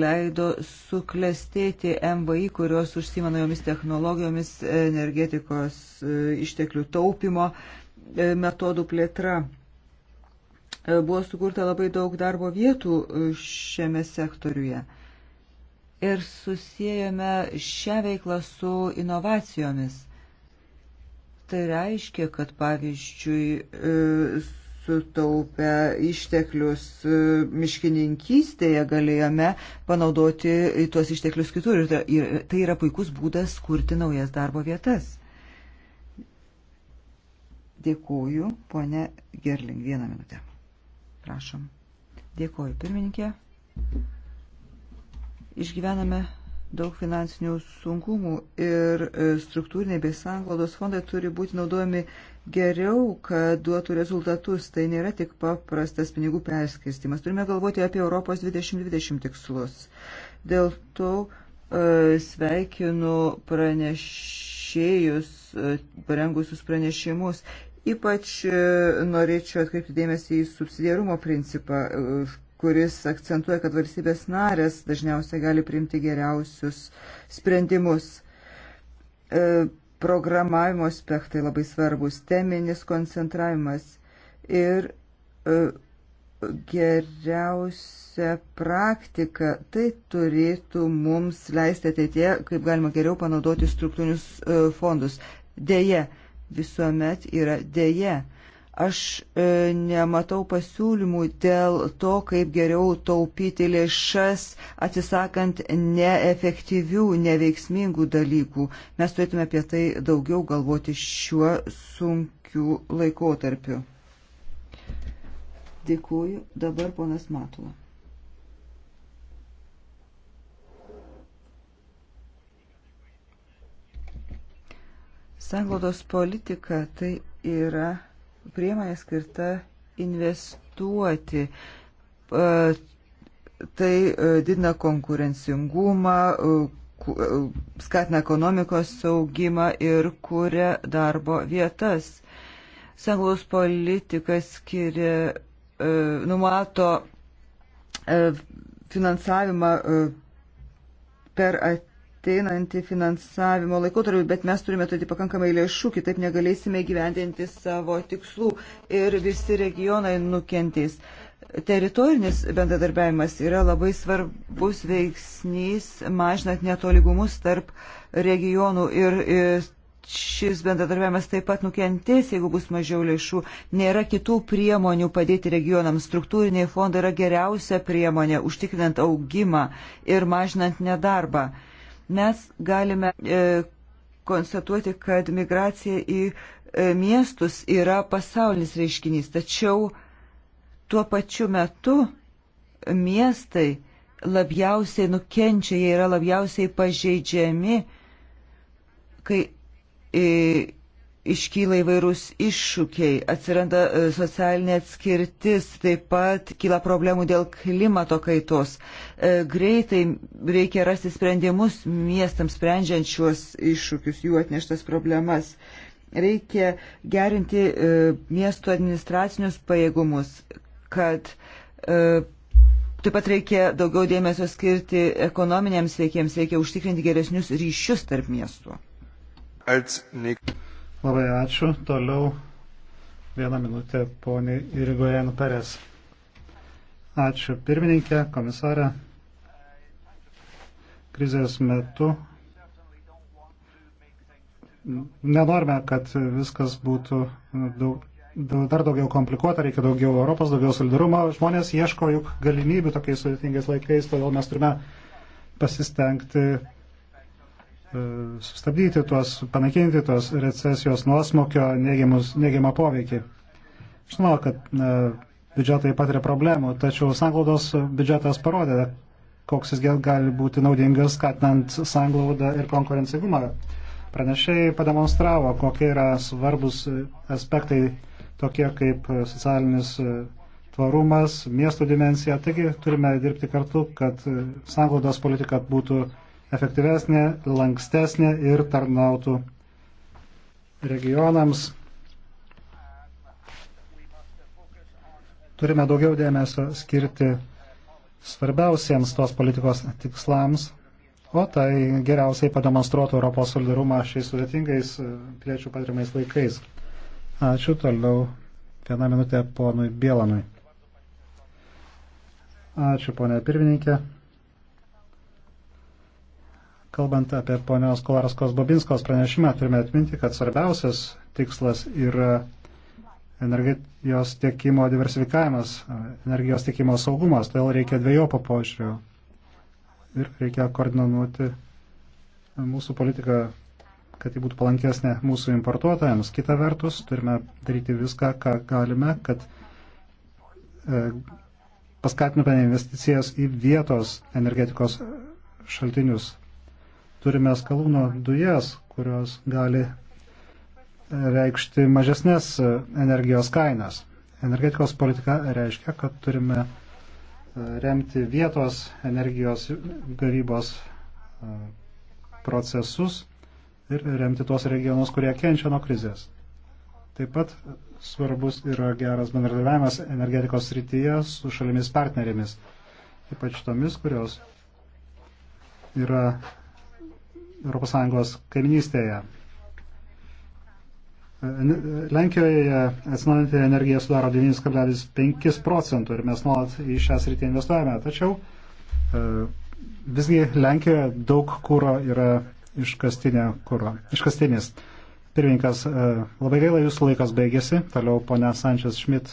leido suklestėti MVI, kurios užsima naujomis technologijomis, energetikos e, išteklių taupimo e, metodų plėtra. E, buvo sukurta labai daug darbo vietų šiame sektoriuje. Ir susijęjame šią veiklą su inovacijomis Tai reiškia, kad pavyzdžiui, e, sutaupę išteklius e, miškininkystėje galėjome panaudoti tuos išteklius kitur. Ir tai yra puikus būdas kurti naujas darbo vietas. Dėkuoju, ponė Gerling, vieną minutę. Prašom. Dėkuoju, pirmininkė. Išgyvename daug finansinių sunkumų ir e, struktūriniai bei sanglaudos fondai turi būti naudojami geriau, kad duotų rezultatus. Tai nėra tik paprastas pinigų perskirstimas. Turime galvoti apie Europos 2020 tikslus. Dėl to e, sveikinu pranešėjus, e, parengusius pranešimus. Ypač norėčiau atkreipti dėmesį į subsidiarumo principą, kuris akcentuoja, kad valstybės narės dažniausiai gali priimti geriausius sprendimus. E, programavimo aspektai labai svarbus, teminis koncentravimas ir e, geriausia praktika, tai turėtų mums leisti ateitie, kaip galima geriau panaudoti struktūrinius e, fondus. Deja, visuomet yra deja. Aš e, nematau pasiūlymų dėl to, kaip geriau taupyti lėšas, atsisakant neefektyvių, neveiksmingų dalykų. Mes turėtume apie tai daugiau galvoti šiuo sunkiu laikotarpiu. Dėkuoju. Dabar ponas Matula. Sanglaudos politika tai yra priemonė skirta investuoti. E, tai e, didina konkurencingumą, e, skatina ekonomikos saugimą ir kuria darbo vietas. Sanglaus politika skiria, numato finansavimą per ateinantį finansavimo laikotarpį, bet mes turime turėti pakankamai lėšų, kitaip negalėsime gyvendinti savo tikslų ir visi regionai nukentės. Teritorinis bendradarbiavimas yra labai svarbus veiksnys, mažinant netoligumus tarp regionų ir, ir šis bendradarbiavimas taip pat nukentės, jeigu bus mažiau lėšų. Nėra kitų priemonių padėti regionams. Struktūriniai fondai yra geriausia priemonė užtikrinant augimą ir mažinant nedarbą. Mes galime e, konstatuoti, kad migracija į e, miestus yra pasaulinis reiškinys, tačiau tuo pačiu metu miestai labiausiai nukenčia, jie yra labiausiai pažeidžiami, kai e, iškyla įvairūs iššūkiai, atsiranda e, socialinė atskirtis, taip pat kyla problemų dėl klimato kaitos. E, greitai reikia rasti sprendimus miestams sprendžiant šiuos iššūkius, jų atneštas problemas. Reikia gerinti e, miesto administracinius pajėgumus, kad taip pat reikia daugiau dėmesio skirti ekonominiams veikiams, reikia užtikrinti geresnius ryšius tarp miestų. Als nächstes. Labai ačiū. Toliau vieną minutę poniai Irigojen Perės. Ačiū pirmininkė, komisarė. Krizės metu nenorime, kad viskas būtų daug, dar daugiau komplikuota, reikia daugiau Europos, daugiau solidarumo. Žmonės ieško juk galimybių tokiais sudėtingais laikais, todėl mes turime pasistengti E, sustabdyti tuos, panaikinti tuos recesijos nuosmokio neigiamus, neigiamą poveikį. Žinau, kad e, biudžetai patiria problemų, tačiau sanglaudos biudžetas parodė, koks jis gali būti naudingas, skatinant sanglaudą ir konkurencingumą. Pranešėjai pademonstravo, kokie yra svarbus aspektai tokie kaip socialinis e, tvarumas, miesto dimensija. Taigi turime dirbti kartu, kad e, sanglaudos politika būtų efektyvesnė, lankstesnė ir tarnautų regionams. Turime daugiau dėmesio skirti svarbiausiems tos politikos tikslams, o tai geriausiai pademonstruotų Europos solidarumą šiais sudėtingais e, piliečių patirimais laikais. Ačiū toliau. Vieną minutę ponui Bielanui. Ačiū, ponė pirmininkė. Kalbant apie ponios Kolarskos Babinskos pranešimą, turime atminti, kad svarbiausias tikslas yra energijos tiekimo diversifikavimas, energijos tiekimo saugumas, todėl reikia dviejopo požiūrio ir reikia koordinuoti mūsų politiką, kad ji būtų palankesnė mūsų importuotojams. Kita vertus, turime daryti viską, ką galime, kad e, paskatintume investicijas į vietos energetikos šaltinius turime skalūno dujas, kurios gali reikšti mažesnės energijos kainas. Energetikos politika reiškia, kad turime e, remti vietos energijos gavybos e, procesus ir remti tuos regionus, kurie kenčia nuo krizės. Taip pat svarbus yra geras bendradarbiavimas energetikos srityje su šalimis partnerėmis, ypač tomis, kurios yra ES kaiminystėje. Lenkijoje atsinaujantį energiją sudaro 9,5 procentų ir mes nuolat į šią sritį investuojame. Tačiau e, visgi Lenkijoje daug kūro yra iškastinė kūro. Iškastinis. Pirmininkas, e, labai gaila, jūsų laikas baigėsi. Toliau ponia Sančias Šmit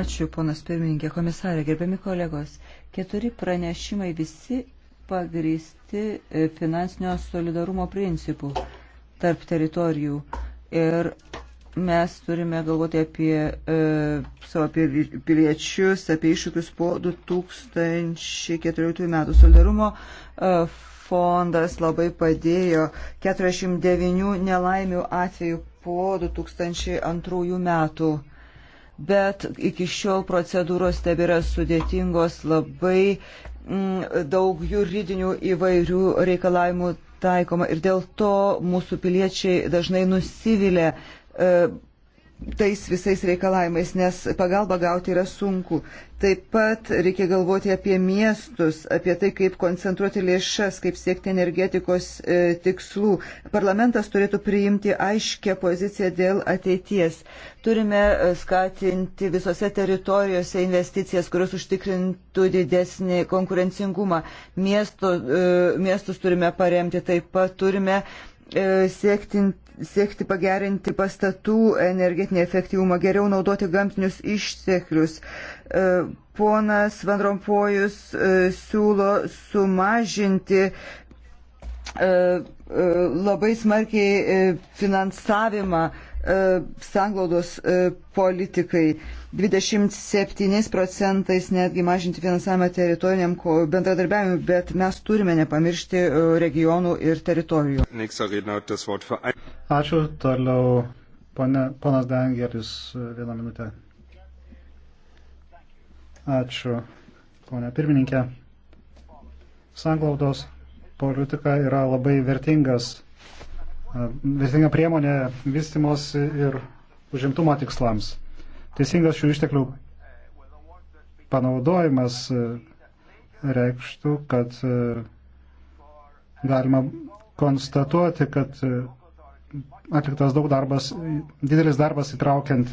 Ačiū, ponas pirmininkė, komisarė, gerbiami kolegos. Keturi pranešimai visi pagristi e, finansinio solidarumo principų tarp teritorijų. Ir mes turime galvoti apie e, savo piliečius, apie iššūkius po 2014 metų. Solidarumo e, fondas labai padėjo 49 nelaimių atveju po 2002 metų bet iki šiol procedūros tebėra sudėtingos, labai mm, daug juridinių įvairių reikalavimų taikoma ir dėl to mūsų piliečiai dažnai nusivylė e, tais visais reikalavimais, nes pagalba gauti yra sunku. Taip pat reikia galvoti apie miestus, apie tai, kaip koncentruoti lėšas, kaip siekti energetikos e, tikslų. Parlamentas turėtų priimti aiškę poziciją dėl ateities. Turime e, skatinti visose teritorijose investicijas, kurios užtikrintų didesnį konkurencingumą. Miesto, e, miestus turime paremti, taip pat turime e, siekti siekti pagerinti pastatų energetinį efektyvumą, geriau naudoti gamtinius išteklius. E, ponas Vandrompojus e, siūlo sumažinti e, labai smarkiai finansavimą E, sanglaudos e, politikai 27 procentais netgi mažinti finansavimą teritoriniam bendradarbiavimui, bet mes turime nepamiršti e, regionų ir teritorijų. Ačiū. Toliau pone, ponas Dengeris vieną minutę. Ačiū, ponia pirmininkė. Sanglaudos politika yra labai vertingas vertinga priemonė vystimos ir užimtumo tikslams. Teisingas šių išteklių panaudojimas e, reikštų, kad e, galima konstatuoti, kad e, atliktas daug darbas, didelis darbas įtraukiant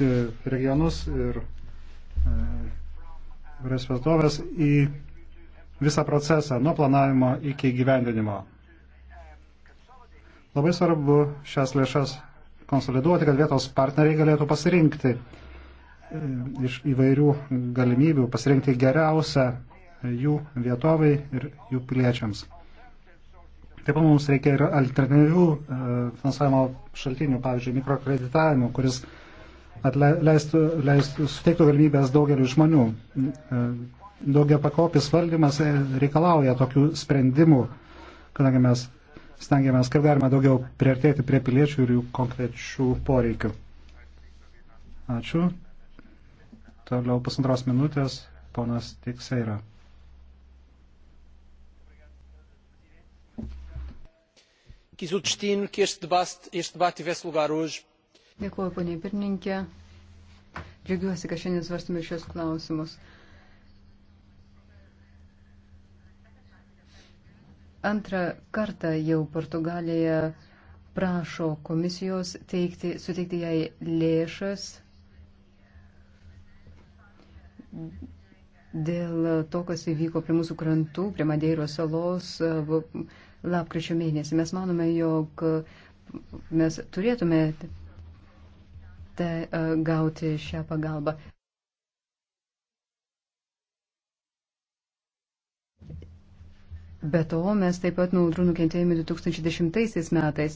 regionus ir vyriausybės duovės į visą procesą nuo planavimo iki gyvendinimo. Labai svarbu šias lėšas konsoliduoti, kad vietos partneriai galėtų pasirinkti e, iš įvairių galimybių, pasirinkti geriausią jų vietovai ir jų piliečiams. Taip pat mums reikia ir alternatyvių e, finansavimo šaltinių, pavyzdžiui, mikrokreditavimų, kuris atleistų, leistų, suteiktų galimybės daugeliu žmonių. E, Daugia pakopis valdymas reikalauja tokių sprendimų, kadangi mes stengiamės, kad galima daugiau priartėti prie piliečių ir jų konkrečių poreikių. Ačiū. Toliau pusantros minutės, ponas Tikseira. Quis o destino que este debate, este debate tivesse lugar hoje. Dėkuoju, ponė pirmininkė. Džiaugiuosi, kad šiandien svarstame šios klausimus. Antrą kartą jau Portugalija prašo komisijos teikti, suteikti jai lėšas dėl to, kas įvyko prie mūsų krantų, prie Madeiros salos lapkričio mėnesį. Mes manome, jog mes turėtume te, gauti šią pagalbą. Be to, mes taip pat nuo audrų nukentėjome 2010 metais.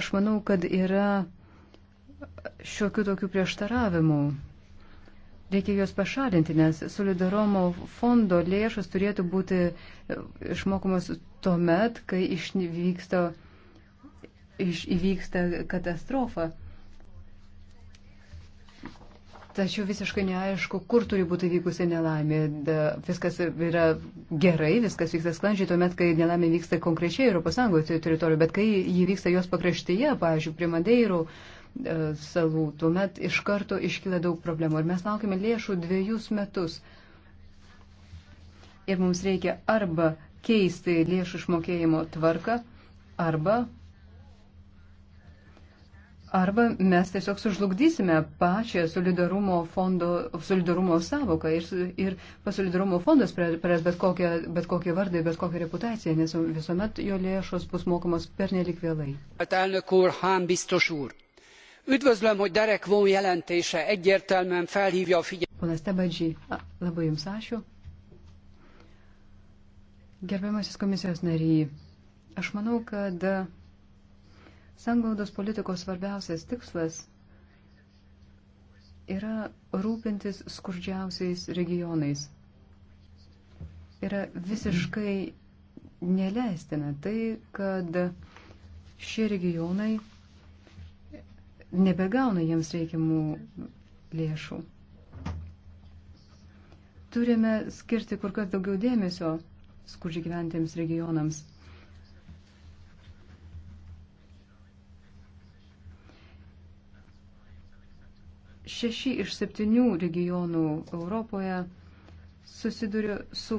Aš manau, kad yra šiokių tokių prieštaravimų. Reikia juos pašalinti, nes solidarumo fondo lėšas turėtų būti e, išmokomos tuomet, kai išvyksta, iš, įvyksta katastrofa. Tačiau visiškai neaišku, kur turi būti vykusi nelaimė. Viskas yra gerai, viskas vyksta sklandžiai, tuomet, kai nelaimė vyksta konkrečiai ES teritorijoje, bet kai ji vyksta jos pakraštyje, pavyzdžiui, prie Madeirų e, salų, tuomet iš karto iškyla daug problemų. Ir mes laukime lėšų dviejus metus. Ir mums reikia arba keisti lėšų išmokėjimo tvarką, arba Arba mes tiesiog sužlugdysime pačią solidarumo, fondo, solidarumo savoką ir, ir pasolidarumo fondas pres bet, kokią, bet kokį vardą, bet kokią reputaciją, nes visuomet jo lėšos bus mokamos pernelik vėlai. Üdvözlöm, hogy Derek Vaughan jelentése egyértelműen felhívja a figyelmet. Ponas Tabadži, labai jums ačiū. Gerbiamasis komisijos nary, aš manau, kad Sanglaudos politikos svarbiausias tikslas yra rūpintis skurdžiausiais regionais. Yra visiškai neleistina tai, kad šie regionai nebegauna jiems reikiamų lėšų. Turime skirti kur kas daugiau dėmesio skurdžiai gyventiems regionams. Šeši iš septynių regionų Europoje susiduria su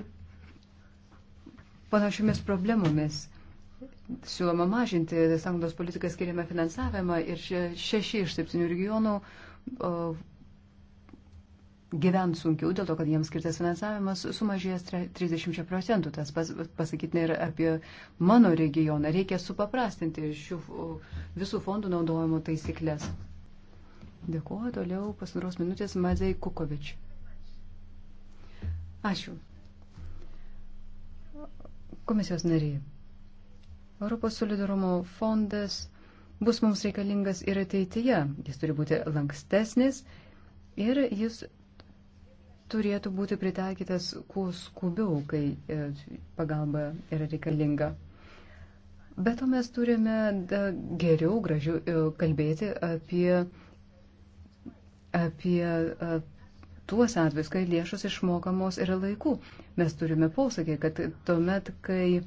panašiomis problemomis. Siūloma mažinti sanglos politiką skiriamą finansavimą ir šeši iš septynių regionų o, gyvent sunkiau, dėl to, kad jiems skirtas finansavimas sumažės 30 procentų. Tas pas, pasakytina ir apie mano regioną. Reikia supaprastinti šių visų fondų naudojimo taisyklės. Dėkuoju toliau pasandros minutės Mazai Kukovič. Ačiū. Komisijos nariai. Europos solidarumo fondas bus mums reikalingas ir ateityje. Jis turi būti lankstesnis ir jis turėtų būti pritaikytas kuo skubiau, kai e, pagalba yra reikalinga. Bet to mes turime geriau, gražiau e, kalbėti apie apie e, tuos atvejus, kai lėšos išmokamos yra laiku. Mes turime posakį, kad tuomet, kai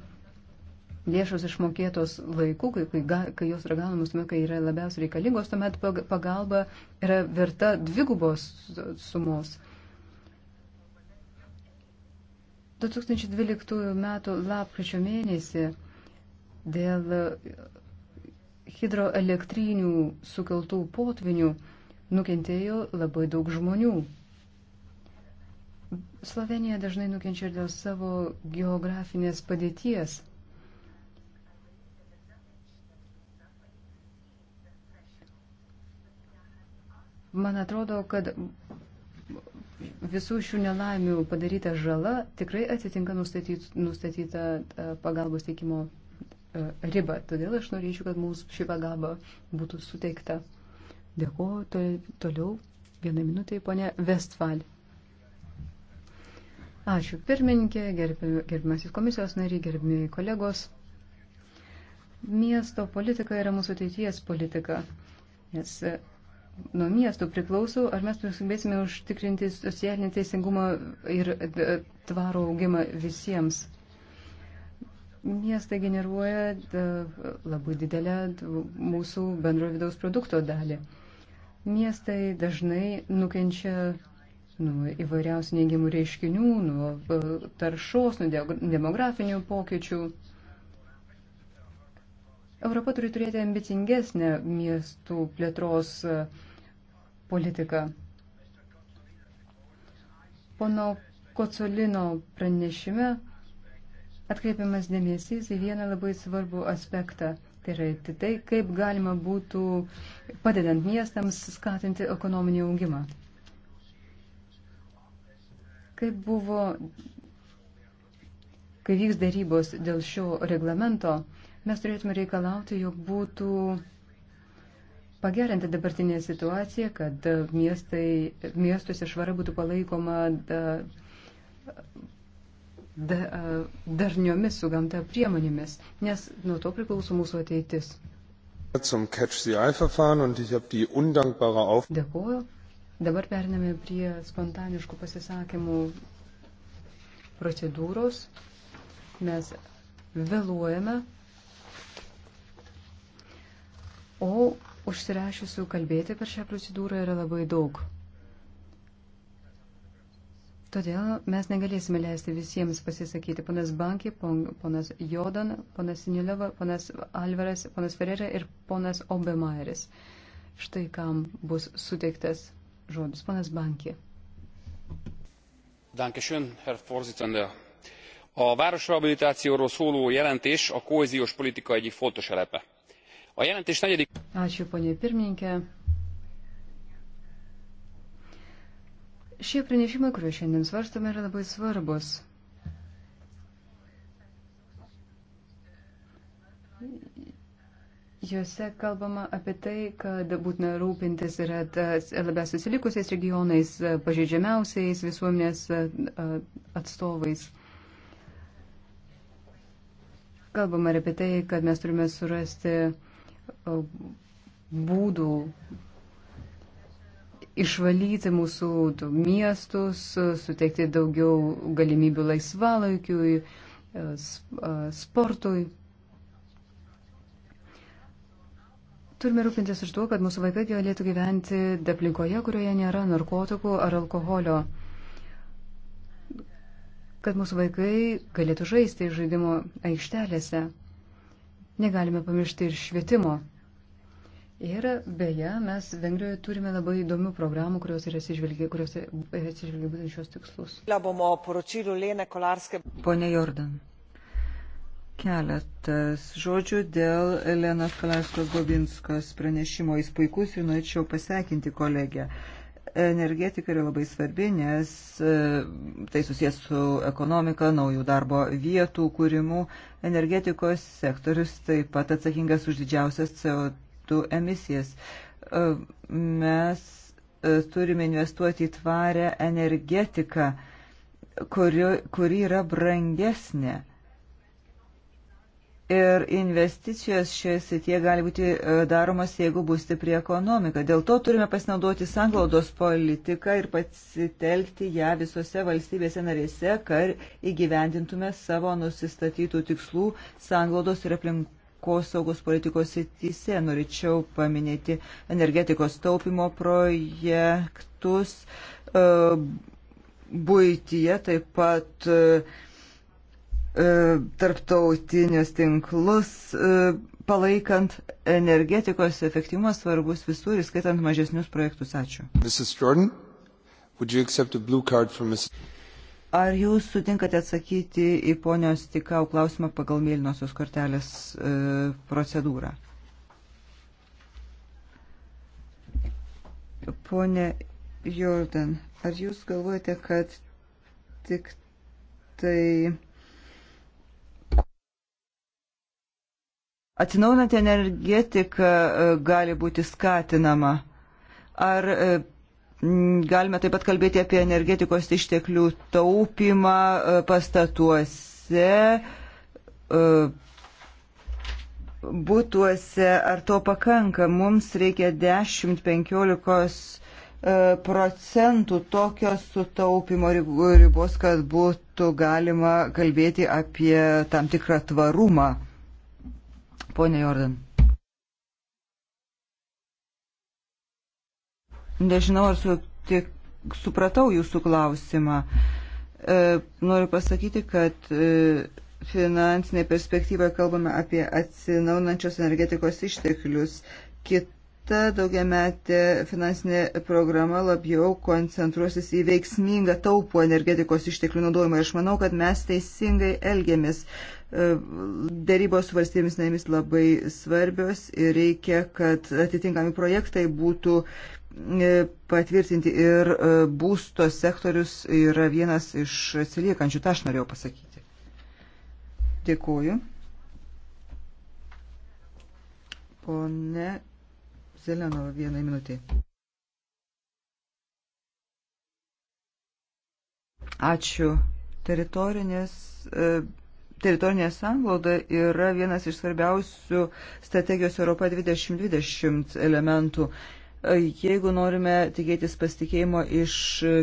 lėšos išmokėtos laiku, kai, kai, kai jos yra gaunamos, tuomet, kai yra labiausiai reikalingos, tuomet pagalba yra verta dvigubos sumos. 2012 m. lapkričio mėnesį dėl hidroelektrinių sukeltų potvinių nukentėjo labai daug žmonių. Slovenija dažnai nukenčia ir dėl savo geografinės padėties. Man atrodo, kad visų šių nelaimių padaryta žala tikrai atitinka nustatytą e, pagalbos teikimo e, ribą. Todėl aš norėčiau, kad mūsų ši pagalba būtų suteikta. Dėkuoju to, toliau. Vieną minutę, ponė Vestfal. Ačiū pirmininkė, gerbimasis komisijos nariai, gerbimiai kolegos. Miesto politika yra mūsų ateities politika, nes e, nuo miestų priklauso, ar mes sugebėsime užtikrinti socialinį teisingumą ir e, tvarų augimą visiems. Miestai generuoja e, labai didelę mūsų bendro vidaus produkto dalį. Miestai dažnai nukenčia nuo įvairiausių neigiamų reiškinių, nuo e, taršos, nuo demografinių pokyčių. Europa turi turėti ambicingesnę miestų plėtros e, politiką. Pono Kocolino pranešime atkreipiamas dėmesys į vieną labai svarbų aspektą. Tai yra tai, tai, kaip galima būtų, padedant miestams, skatinti ekonominį augimą. Kaip buvo, kai vyks darybos dėl šio reglamento, mes turėtume reikalauti, jog būtų pagerinti dabartinę situaciją, kad miestai, miestuose švara būtų palaikoma da, darniomis su gamta priemonėmis, nes nuo to priklauso mūsų ateitis. Dėkuoju. Dabar periname prie spontaniškų pasisakymų procedūros. Mes vėluojame. O užsirašysiu kalbėti per šią procedūrą yra labai daug. Todėl mes negalėsime leisti visiems pasisakyti. Ponas Bankė, ponas Jodan, ponas Sinilova, ponas Alvaras, ponas Ferrera ir ponas Obemaeris. Štai kam bus suteiktas žodis. Ponas Bankė. Dankeschön, Herr Vorsitzender. A városrehabilitációról szóló jelentés a kohéziós politika egyik fontos elepe. A jelentés negyedik... Ačiū, ponė pirmininkė. Šie pranešimai, kuriuos šiandien svarstome, yra labai svarbus. Juose kalbama apie tai, kad būtina rūpintis yra labiausiai silikusiais regionais, pažeidžiamiausiais visuomenės atstovais. Kalbama ir apie tai, kad mes turime surasti būdų išvalyti mūsų miestus, suteikti daugiau galimybių laisvalaikiui, e, e, sportui. Turime rūpintis iš to, kad mūsų vaikai galėtų gyventi aplinkoje, kurioje nėra narkotikų ar alkoholio. Kad mūsų vaikai galėtų žaisti žaidimo aikštelėse. Negalime pamiršti ir švietimo. Ir beje, mes Vengrijoje turime labai įdomių programų, kurios yra atsižvelgia būtent šios tikslus. Pone Jordan, keletas žodžių dėl Elenos Kalarskos Govinskos pranešimo. Jis puikus ir norėčiau pasveikinti kolegę energetika yra labai svarbi, nes e, tai susijęs su ekonomika, naujų darbo vietų kūrimu. Energetikos sektorius taip pat atsakingas už didžiausias CO2 CO2 emisijas. E, mes e, turime investuoti į tvarę energetiką, kuri, kuri yra brangesnė. Ir investicijos šioje srityje gali būti e, daromas, jeigu bus stipri ekonomika. Dėl to turime pasinaudoti sanglaudos politiką ir pasitelkti ją visose valstybėse narėse, kad įgyvendintume savo nusistatytų tikslų sanglaudos ir aplinkos aplinkosaugos politikos sityse. Norėčiau paminėti energetikos taupimo projektus, e, būtyje taip pat e, e, tarptautinius tinklus palaikant energetikos efektyvumas svarbus visur, įskaitant mažesnius projektus. Ačiū. Mrs. Jordan, would you accept a blue card from Mrs. Ar jūs sutinkate atsakyti į ponios Tikau klausimą pagal mėlynosios kortelės e, procedūrą? Pone Jordan, ar jūs galvojate, kad tik tai atsinaujinanti energetika e, gali būti skatinama? Ar e, Galime taip pat kalbėti apie energetikos išteklių taupimą e, pastatuose, e, būtuose. Ar to pakanka? Mums reikia 10-15 e, procentų tokios sutaupimo ribos, kad būtų galima kalbėti apie tam tikrą tvarumą. Pone Jordan. Nežinau, ar su, tiek, supratau jūsų klausimą. E, noriu pasakyti, kad e, finansinė perspektyva kalbame apie atsinaunančios energetikos išteklius. Kit, ta daugiametė finansinė programa labiau koncentruosis į veiksmingą taupų energetikos išteklių naudojimą. Aš manau, kad mes teisingai elgiamės. E, Darybos su valstybėmis narėmis labai svarbios ir reikia, kad atitinkami projektai būtų e, patvirtinti ir e, būsto sektorius yra vienas iš atsiliekančių. Ta aš norėjau pasakyti. Dėkuoju. Pone Zelenova vienai minutį. Ačiū. Teritorinės, e, teritorinė sanglauda yra vienas iš svarbiausių strategijos Europa 2020 elementų. Jeigu norime tikėtis pasitikėjimo iš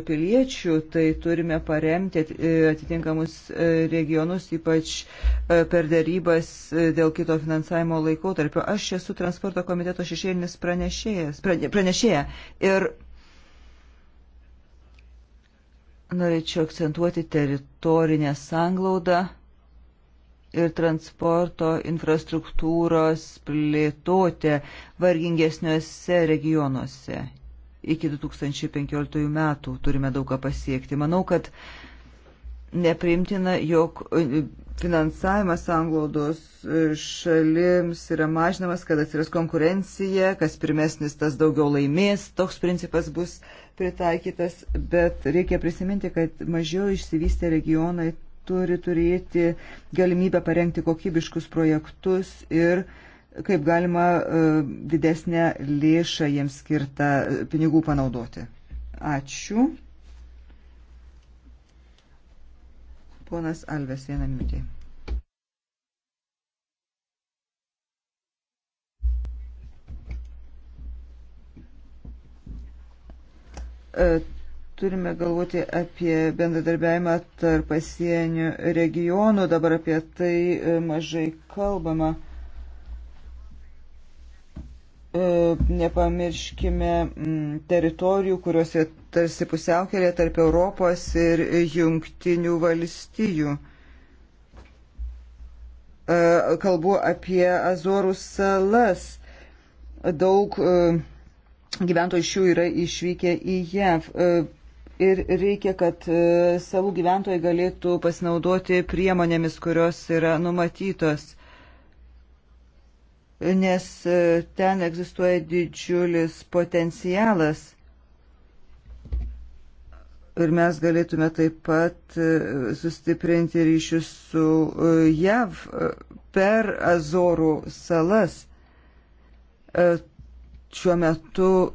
piliečių, tai turime paremti atitinkamus e, regionus, ypač e, per darybas e, dėl kito finansavimo laikotarpio. Aš esu transporto komiteto šešėlinis pranešėja ir norėčiau akcentuoti teritorinę sanglaudą ir transporto infrastruktūros plėtotė vargingesniuose regionuose. Iki 2015 metų turime daug ką pasiekti. Manau, kad nepriimtina, jog e, finansavimas anglaudos šalims yra mažinamas, kad atsiras konkurencija, kas pirmesnis, tas daugiau laimės, toks principas bus pritaikytas, bet reikia prisiminti, kad mažiau išsivystę regionai turi turėti galimybę parengti kokybiškus projektus ir kaip galima e, didesnę lėšą jiems skirtą e, pinigų panaudoti. Ačiū. Ponas Alves, vieną minutį. E, turime galvoti apie bendradarbiavimą tarp pasienio regionų, dabar apie tai e, mažai kalbama. E, nepamirškime teritorijų, kurios yra tarsi pusiaukelė tarp Europos ir jungtinių valstijų. E, kalbu apie Azorų salas. Daug gyventojų iš jų yra išvykę į JAV ir reikia, kad e, salų gyventojai galėtų pasinaudoti priemonėmis, kurios yra numatytos, nes e, ten egzistuoja didžiulis potencialas. Ir mes galėtume taip pat e, sustiprinti ryšius su JAV per Azorų salas šiuo metu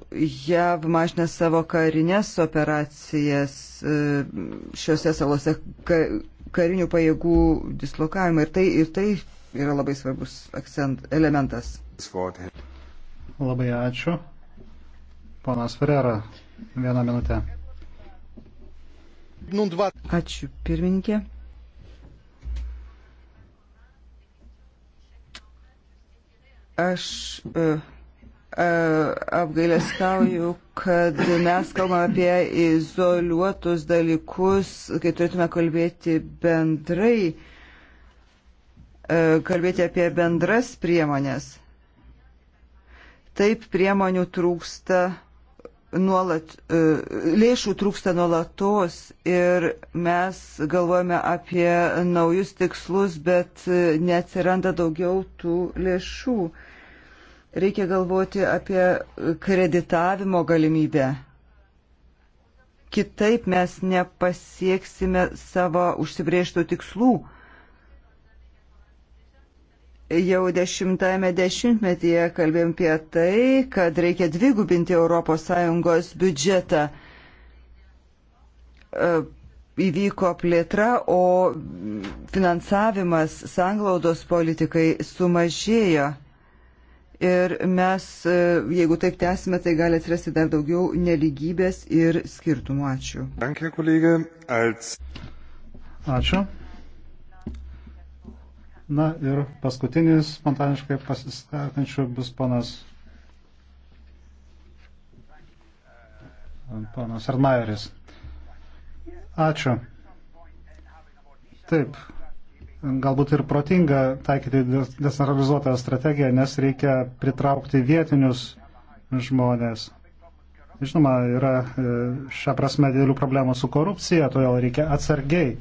JAV mažina savo karinės operacijas e, šiuose salose karinių pajėgų dislokavimą ir tai, ir tai yra labai svarbus akcent, elementas. Labai ačiū. Ponas Ferrera, vieną minutę. Ačiū pirmininkė. Aš uh, apgailestauju, kad mes kalbame apie izoliuotus dalykus, kai turėtume kalbėti bendrai, kalbėti apie bendras priemonės. Taip priemonių trūksta nuolat, lėšų trūksta nuolatos ir mes galvojame apie naujus tikslus, bet neatsiranda daugiau tų lėšų. Reikia galvoti apie kreditavimo galimybę. Kitaip mes nepasieksime savo užsibrėžtų tikslų. Jau dešimtajame dešimtmetyje kalbėjom apie tai, kad reikia dvigubinti ES biudžetą e, įvyko plėtra, o finansavimas sanglaudos politikai sumažėjo. Ir mes, e, jeigu taip tęsime, tai gali atsirasti dar daugiau neligybės ir skirtumų. Ačiū. Danke, kolegė. Als... Ačiū. Na ir paskutinis spontaniškai pasisakančių bus ponas. Ponas Armajeris. Ačiū. Taip, galbūt ir protinga taikyti decentralizuotą strategiją, nes reikia pritraukti vietinius žmonės. Žinoma, yra e, šią prasme didelių problemų su korupcija, todėl reikia atsargiai e,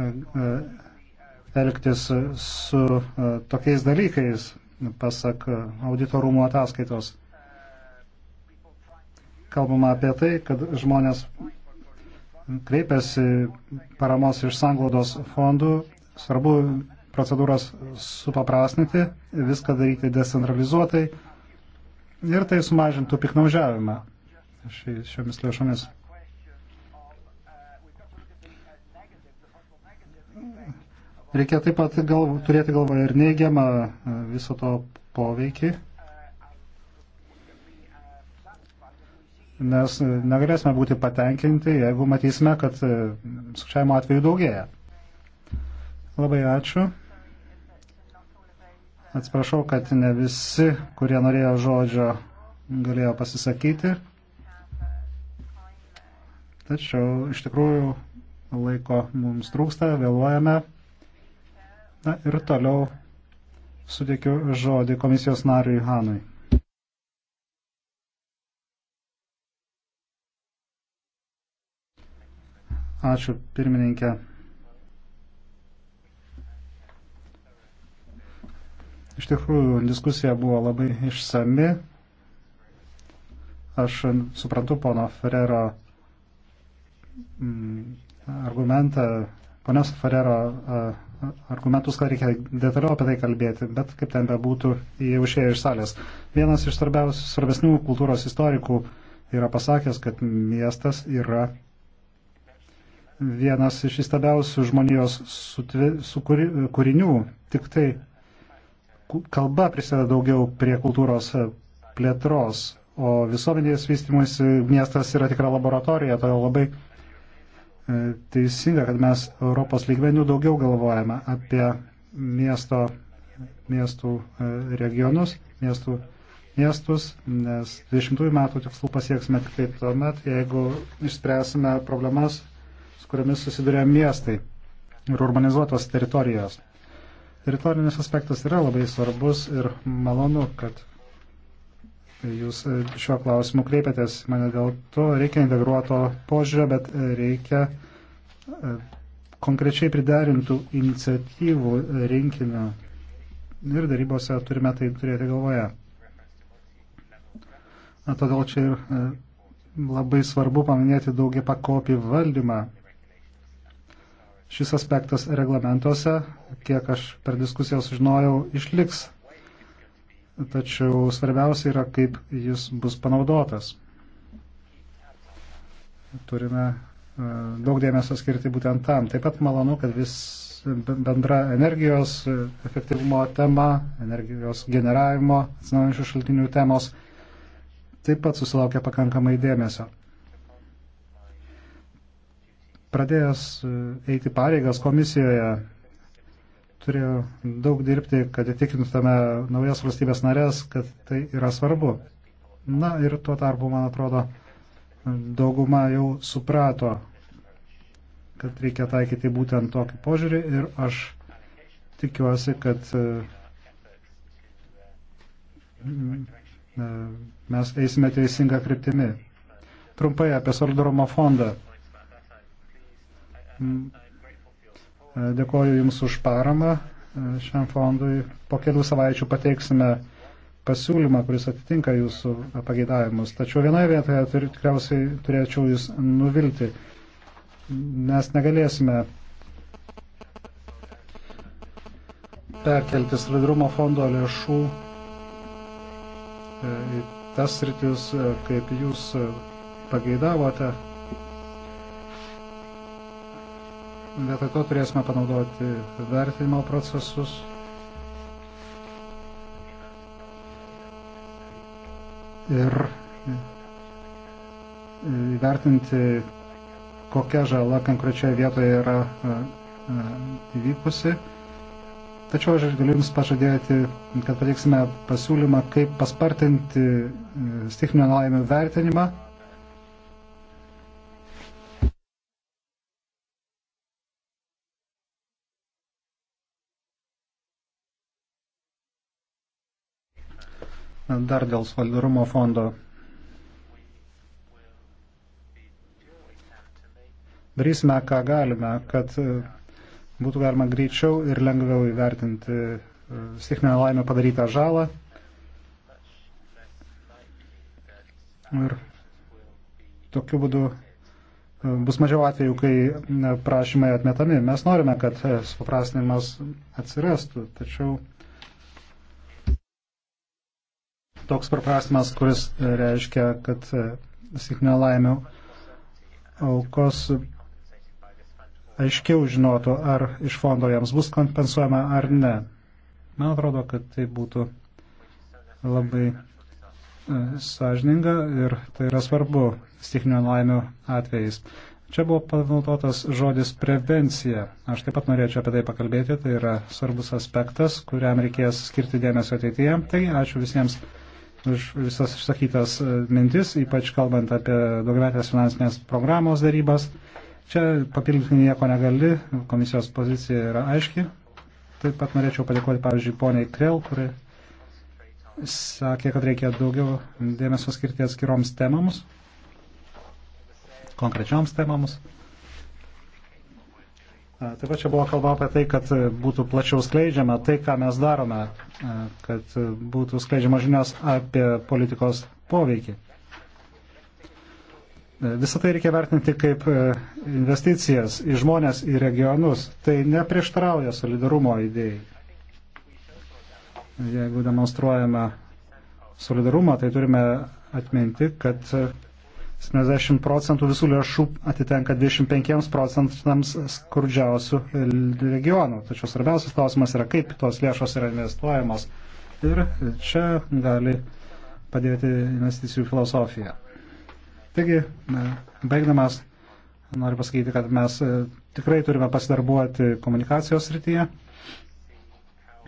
e, elgtis su tokiais dalykais, pasak auditorumo ataskaitos. Kalbama apie tai, kad žmonės kreipiasi paramos iš sanglaudos fondų Svarbu procedūras supaprasnyti, viską daryti decentralizuotai ir tai sumažintų piknaužiavimą šiomis lėšomis. Reikia taip pat gal, turėti galvoje ir neigiamą e, viso to poveikį, nes e, negalėsime būti patenkinti, jeigu matysime, kad e, sukčiavimo atveju daugėja. Labai ačiū. Atsiprašau, kad ne visi, kurie norėjo žodžio, galėjo pasisakyti. Tačiau iš tikrųjų laiko mums trūksta, vėluojame. Na ir toliau suteikiu žodį komisijos nariui Hanui. Ačiū pirmininkė. Iš tikrųjų, diskusija buvo labai išsami. Aš suprantu pono Ferrero mm, argumentą, ponios Ferrero argumentus, kad reikia detaliau apie tai kalbėti, bet kaip ten bebūtų, jie užėjo iš salės. Vienas iš svarbesnių kultūros istorikų yra pasakęs, kad miestas yra vienas iš įstabiausių žmonijos sutvi, su kuri, kūrinių, tik tai kalba prisideda daugiau prie kultūros plėtros, o visuomenės vystimus e, miestas yra tikra laboratorija, todėl labai e, teisinga, kad mes Europos lygmenių daugiau galvojame apie miesto, miestų e, regionus, miestų, miestus, nes 20 metų tikslų pasieksime tik taip tuomet, jeigu išspręsime problemas, su kuriamis susiduria miestai ir urbanizuotos teritorijos. Teritorinis aspektas yra labai svarbus ir malonu, kad jūs e, šiuo klausimu kreipiatės mane dėl to. Reikia integruoto požiūrio, bet e, reikia e, konkrečiai priderintų iniciatyvų rinkinio ir darybose turime tai turėti galvoje. Todėl čia ir labai svarbu paminėti daugia pakopį valdymą šis aspektas reglamentuose, kiek aš per diskusiją sužinojau, išliks. Tačiau svarbiausia yra, kaip jis bus panaudotas. Turime e, daug dėmesio skirti būtent tam. Taip pat malonu, kad vis bendra energijos e, efektyvumo tema, energijos generavimo, atsinaujančių šaltinių temos taip pat susilaukia pakankamai dėmesio. Pradėjęs e, eiti pareigas komisijoje, turėjo daug dirbti, kad įtikintume naujas valstybės narės, kad tai yra svarbu. Na ir tuo tarpu, man atrodo, dauguma jau suprato, kad reikia taikyti būtent tokį požiūrį ir aš tikiuosi, kad e, e, mes eisime teisingą kryptimį. Trumpai apie solidarumo fondą. Mm. Dėkoju Jums už paramą šiam fondui. Po kelių savaičių pateiksime pasiūlymą, kuris atitinka Jūsų pageidavimus. Tačiau vienoje vietoje tikriausiai turėčiau Jūs nuvilti, nes negalėsime perkelti solidarumo fondo lėšų e, į tas rytis, e, kaip Jūs pageidavote. vietoj to turėsime panaudoti vertinimo procesus. Ir įvertinti, kokia žala konkrečioje vietoje yra e, e, įvykusi. Tačiau aš galiu Jums pažadėti, kad pateiksime pasiūlymą, kaip paspartinti e, stichinio nelaimio vertinimą Dar dėl solidarumo fondo. Darysime, ką galime, kad e, būtų galima greičiau ir lengviau įvertinti e, stichinę laimę padarytą žalą. Ir tokiu būdu e, bus mažiau atvejų, kai prašymai atmetami. Mes norime, kad supaprastinimas atsirastų, tačiau toks paprastimas, kuris reiškia, kad e, sėkmė laimė aukos aiškiau žinotų, ar iš fondo jiems bus kompensuojama ar ne. Man atrodo, kad tai būtų labai e, sąžininga ir tai yra svarbu stichinio laimio atvejais. Čia buvo panaudotas žodis prevencija. Aš taip pat norėčiau apie tai pakalbėti, tai yra svarbus aspektas, kuriam reikės skirti dėmesio ateityje. Taigi ačiū visiems už visas išsakytas e, mintis, ypač kalbant apie daugiametės finansinės programos darybas. Čia papildyti nieko negali, komisijos pozicija yra aiški. Taip pat norėčiau padėkoti, pavyzdžiui, poniai Krell, kuri sakė, kad reikia daugiau dėmesio skirti atskiroms temams, konkrečioms temams. Taip pat čia buvo kalba apie tai, kad e, būtų plačiau skleidžiama tai, ką mes darome, e, kad e, būtų skleidžiama žinios apie politikos poveikį. Visą tai reikia vertinti kaip investicijas į žmonės, į regionus. Tai neprieštrauja solidarumo idėjai. Jeigu demonstruojame solidarumą, tai turime atminti, kad 70 procentų visų lėšų atitenka 25 procentams skurdžiausių regionų. Tačiau svarbiausias klausimas yra, kaip tos lėšos yra investuojamos. Ir čia gali padėti investicijų filosofija. Taigi, baigdamas, noriu pasakyti, kad mes e, tikrai turime pasidarbuoti komunikacijos srityje.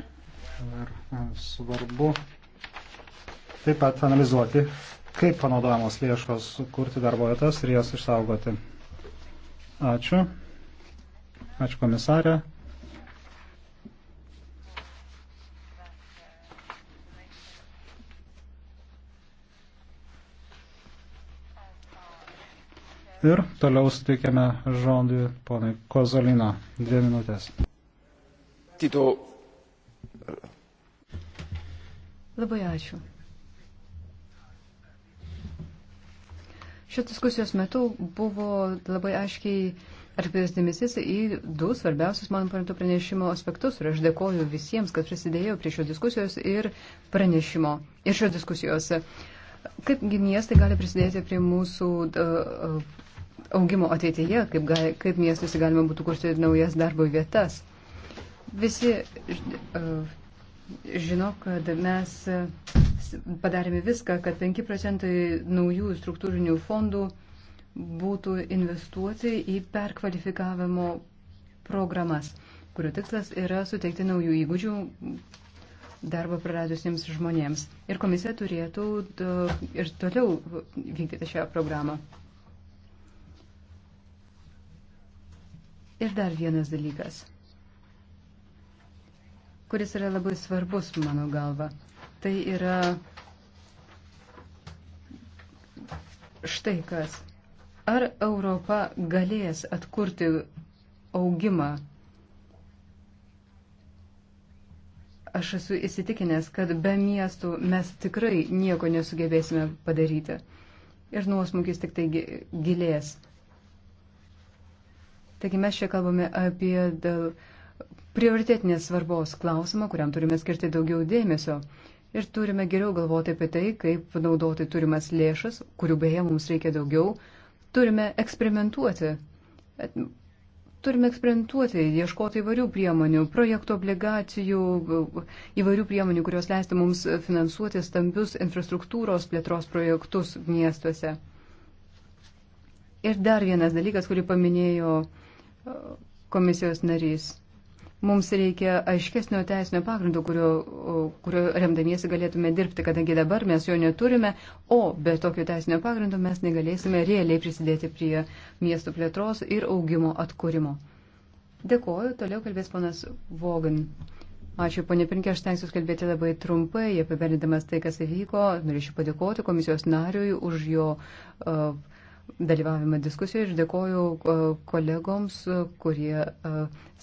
Ir e, svarbu taip pat analizuoti kaip panaudojamos lėšos kurti darbo vietas ir jas išsaugoti. Ačiū. Ačiū komisarė. Ir toliau suteikėme žodį ponai Kozolino. Dvi minutės. Tito. Labai ačiū. Šios diskusijos metu buvo labai aiškiai atkreiptas dėmesys į du svarbiausius man parengto pranešimo aspektus ir aš dėkoju visiems, kad prisidėjo prie šios diskusijos ir pranešimo ir šios diskusijos. Kaip miestai gali prisidėti prie mūsų uh, augimo ateityje, kaip, gal, kaip miestuose galima būtų kurti naujas darbo vietas. Visi uh, žino, kad mes. Uh, padarėme viską, kad 5 procentai naujų struktūrinių fondų būtų investuoti į perkvalifikavimo programas, kurių tikslas yra suteikti naujų įgūdžių darbą praradusiems žmonėms. Ir komisija turėtų e, ir toliau vykdyti šią programą. Ir dar vienas dalykas, kuris yra labai svarbus mano galva tai yra štai kas. Ar Europa galės atkurti augimą? Aš esu įsitikinęs, kad be miestų mes tikrai nieko nesugebėsime padaryti. Ir nuosmukis tik tai gilės. Taigi mes čia kalbame apie prioritetinės svarbos klausimą, kuriam turime skirti daugiau dėmesio ir turime geriau galvoti apie tai, kaip naudoti turimas lėšas, kurių beje mums reikia daugiau. Turime eksperimentuoti. Turime eksperimentuoti, ieškoti įvairių priemonių, projektų obligacijų, įvairių priemonių, kurios leistų mums finansuoti stambius infrastruktūros plėtros projektus miestuose. Ir dar vienas dalykas, kurį paminėjo uh, komisijos narys Mums reikia aiškesnio teisinio pagrindo, kurio, kurio remdamiesi galėtume dirbti, kadangi dabar mes jo neturime, o be tokio teisinio pagrindo mes negalėsime realiai prisidėti prie miestų plėtros ir augimo atkūrimo. Dėkoju, toliau kalbės ponas Vogan. Ačiū, ponė Pirinkė, aš tenksiu kalbėti labai trumpai, apibendrindamas tai, kas įvyko. Norėčiau padėkoti komisijos nariui už jo uh, dalyvavimą diskusijoje ir dėkoju e, kolegoms, e, kurie e,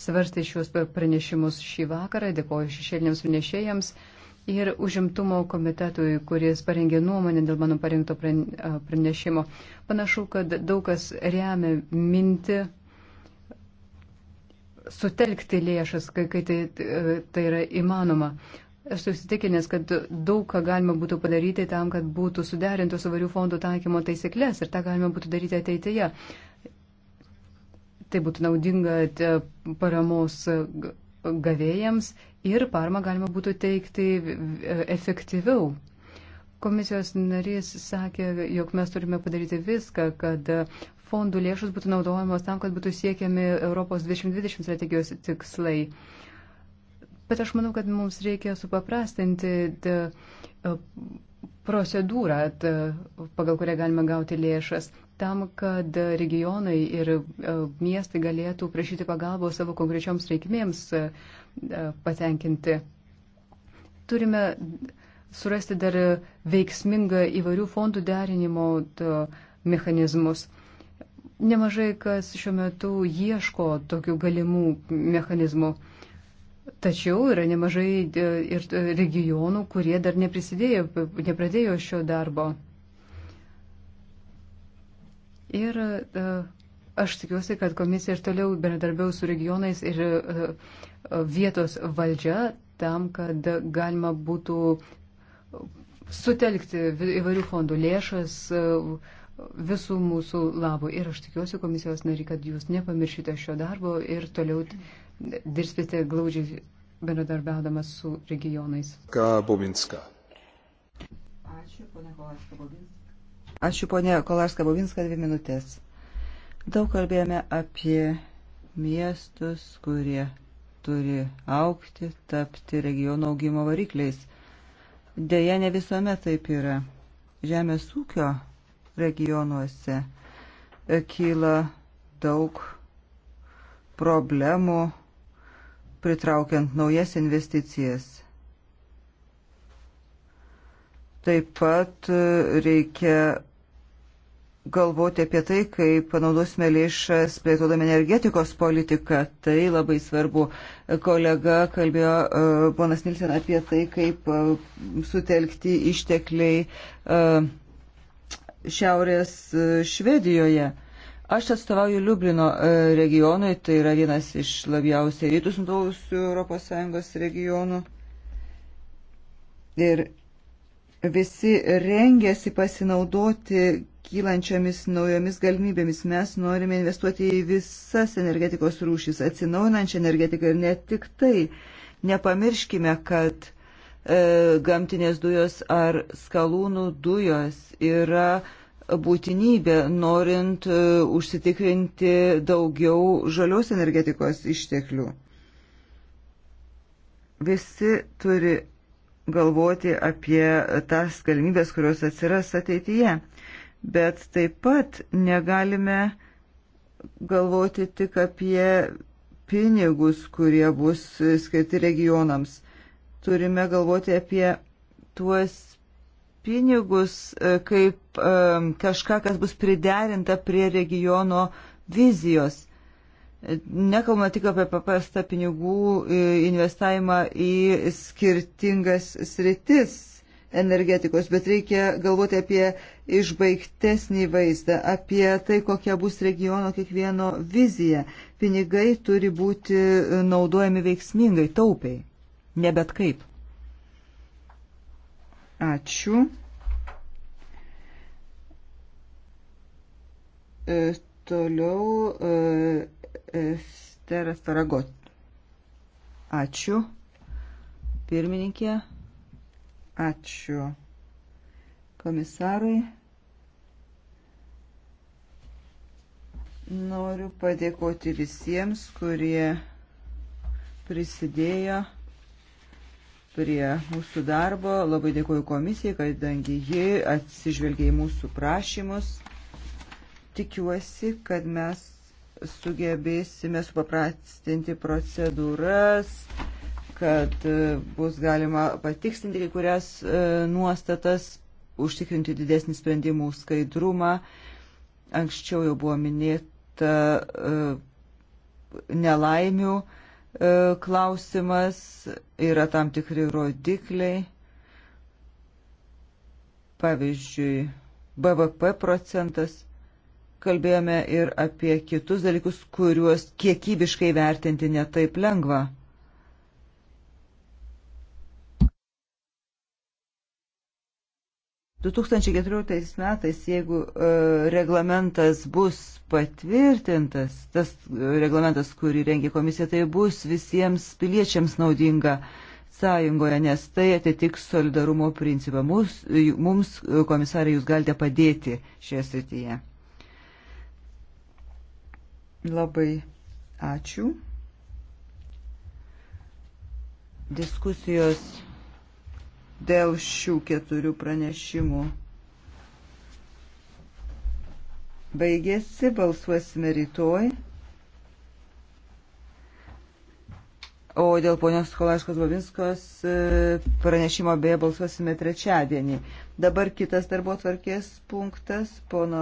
svarstė šios pranešimus šį vakarą, dėkoju šešėliniams pranešėjams ir užimtumo komitetui, kuris parengė nuomonę dėl mano parengto pranešimo. Panašu, kad daug kas remia minti sutelkti lėšas, kai, kai tai, tai yra įmanoma. Aš susitikinęs, kad daug ką galima būtų padaryti tam, kad būtų suderintos įvairių fondų taikymo taisyklės ir tą galima būtų daryti ateityje. Tai būtų naudinga e, paramos e, gavėjams ir parmą galima būtų teikti e, efektyviau. Komisijos narys sakė, jog mes turime padaryti viską, kad fondų lėšus būtų naudojamos tam, kad būtų siekiami Europos 2020 strategijos tikslai. Bet aš manau, kad mums reikia supaprastinti de, procedūrą, de, pagal kurią galima gauti lėšas, tam, kad regionai ir e, miestai galėtų prašyti pagalbos savo konkrečioms reikmėms e, e, patenkinti. Turime surasti dar veiksmingą įvairių fondų derinimo mechanizmus. Nemažai kas šiuo metu ieško tokių galimų mechanizmų. Tačiau yra nemažai e, ir e, regionų, kurie dar neprisidėjo, nepradėjo šio darbo. Ir e, aš tikiuosi, kad komisija ir toliau bendradarbiaus su regionais ir vietos valdžia tam, kad galima būtų sutelkti įvairių fondų lėšas visų mūsų labų. Ir aš tikiuosi, komisijos nari, kad jūs nepamiršite šio darbo ir toliau dirbsite glaudžiai bendradarbiaudamas su regionais. Ką Bobinska? Ačiū, ponia Kolarska Bobinska. Ačiū, ponia Kolarska Bobinska, dvi minutės. Daug kalbėjome apie miestus, kurie turi aukti, tapti regiono augimo varikliais. Deja, ne visuomet taip yra. Žemės ūkio regionuose e, kyla daug problemų pritraukiant naujas investicijas. Taip pat e, reikia galvoti apie tai, kaip panaudosime lėšas plėtodami energetikos politiką. Tai labai svarbu. Kolega kalbėjo, e, ponas Nilsen, apie tai, kaip e, sutelkti ištekliai šiaurės Švedijoje. Aš atstovauju Liublino e, regionui, tai yra vienas iš labiausiai rytus nutolusių ES regionų. Ir visi rengėsi pasinaudoti kylančiomis naujomis galimybėmis. Mes norime investuoti į visas energetikos rūšys, atsinaujinančią energetiką ir ne tik tai. Nepamirškime, kad e, gamtinės dujos ar skalūnų dujos yra e, būtinybė, norint e, užsitikrinti daugiau žalios energetikos išteklių. Visi turi galvoti apie tas galimybės, kurios atsiras ateityje. Bet taip pat negalime galvoti tik apie pinigus, kurie bus skirti regionams. Turime galvoti apie tuos pinigus e, kaip e, kažką, kas bus priderinta prie regiono vizijos. Nekalbama tik apie paprastą pinigų e, investavimą į skirtingas sritis energetikos, bet reikia galvoti apie išbaigtesnį vaizdą, apie tai, kokia bus regiono kiekvieno vizija. Pinigai turi būti naudojami veiksmingai, taupiai, ne bet kaip. Ačiū. E, toliau e, Steras Taragot. Ačiū. Pirmininkė. Ačiū. Komisarui. Noriu padėkoti visiems, kurie prisidėjo prie mūsų darbo. Labai dėkuoju komisijai, kadangi ji atsižvelgia į mūsų prašymus. Tikiuosi, kad mes sugebėsime supaprastinti procedūras, kad e, bus galima patikslinti kai kurias e, nuostatas, užtikrinti didesnį sprendimų skaidrumą. Anksčiau jau buvo minėta e, nelaimių E, klausimas, yra tam tikri rodikliai, pavyzdžiui, BVP procentas. Kalbėjome ir apie kitus dalykus, kuriuos kiekybiškai vertinti netaip lengva. 2014 metais, jeigu e, reglamentas bus patvirtintas, tas e, reglamentas, kurį rengia komisija, tai bus visiems piliečiams naudinga sąjungoje, nes tai atitiks solidarumo principą. E, mums, mums komisarai, jūs galite padėti šioje srityje. Labai ačiū. Diskusijos dėl šių keturių pranešimų. Baigėsi, balsuosime rytoj. O dėl ponios Kolaškos Babinskos e, pranešimo beje balsuosime trečiadienį. Dabar kitas darbo tvarkės punktas, pono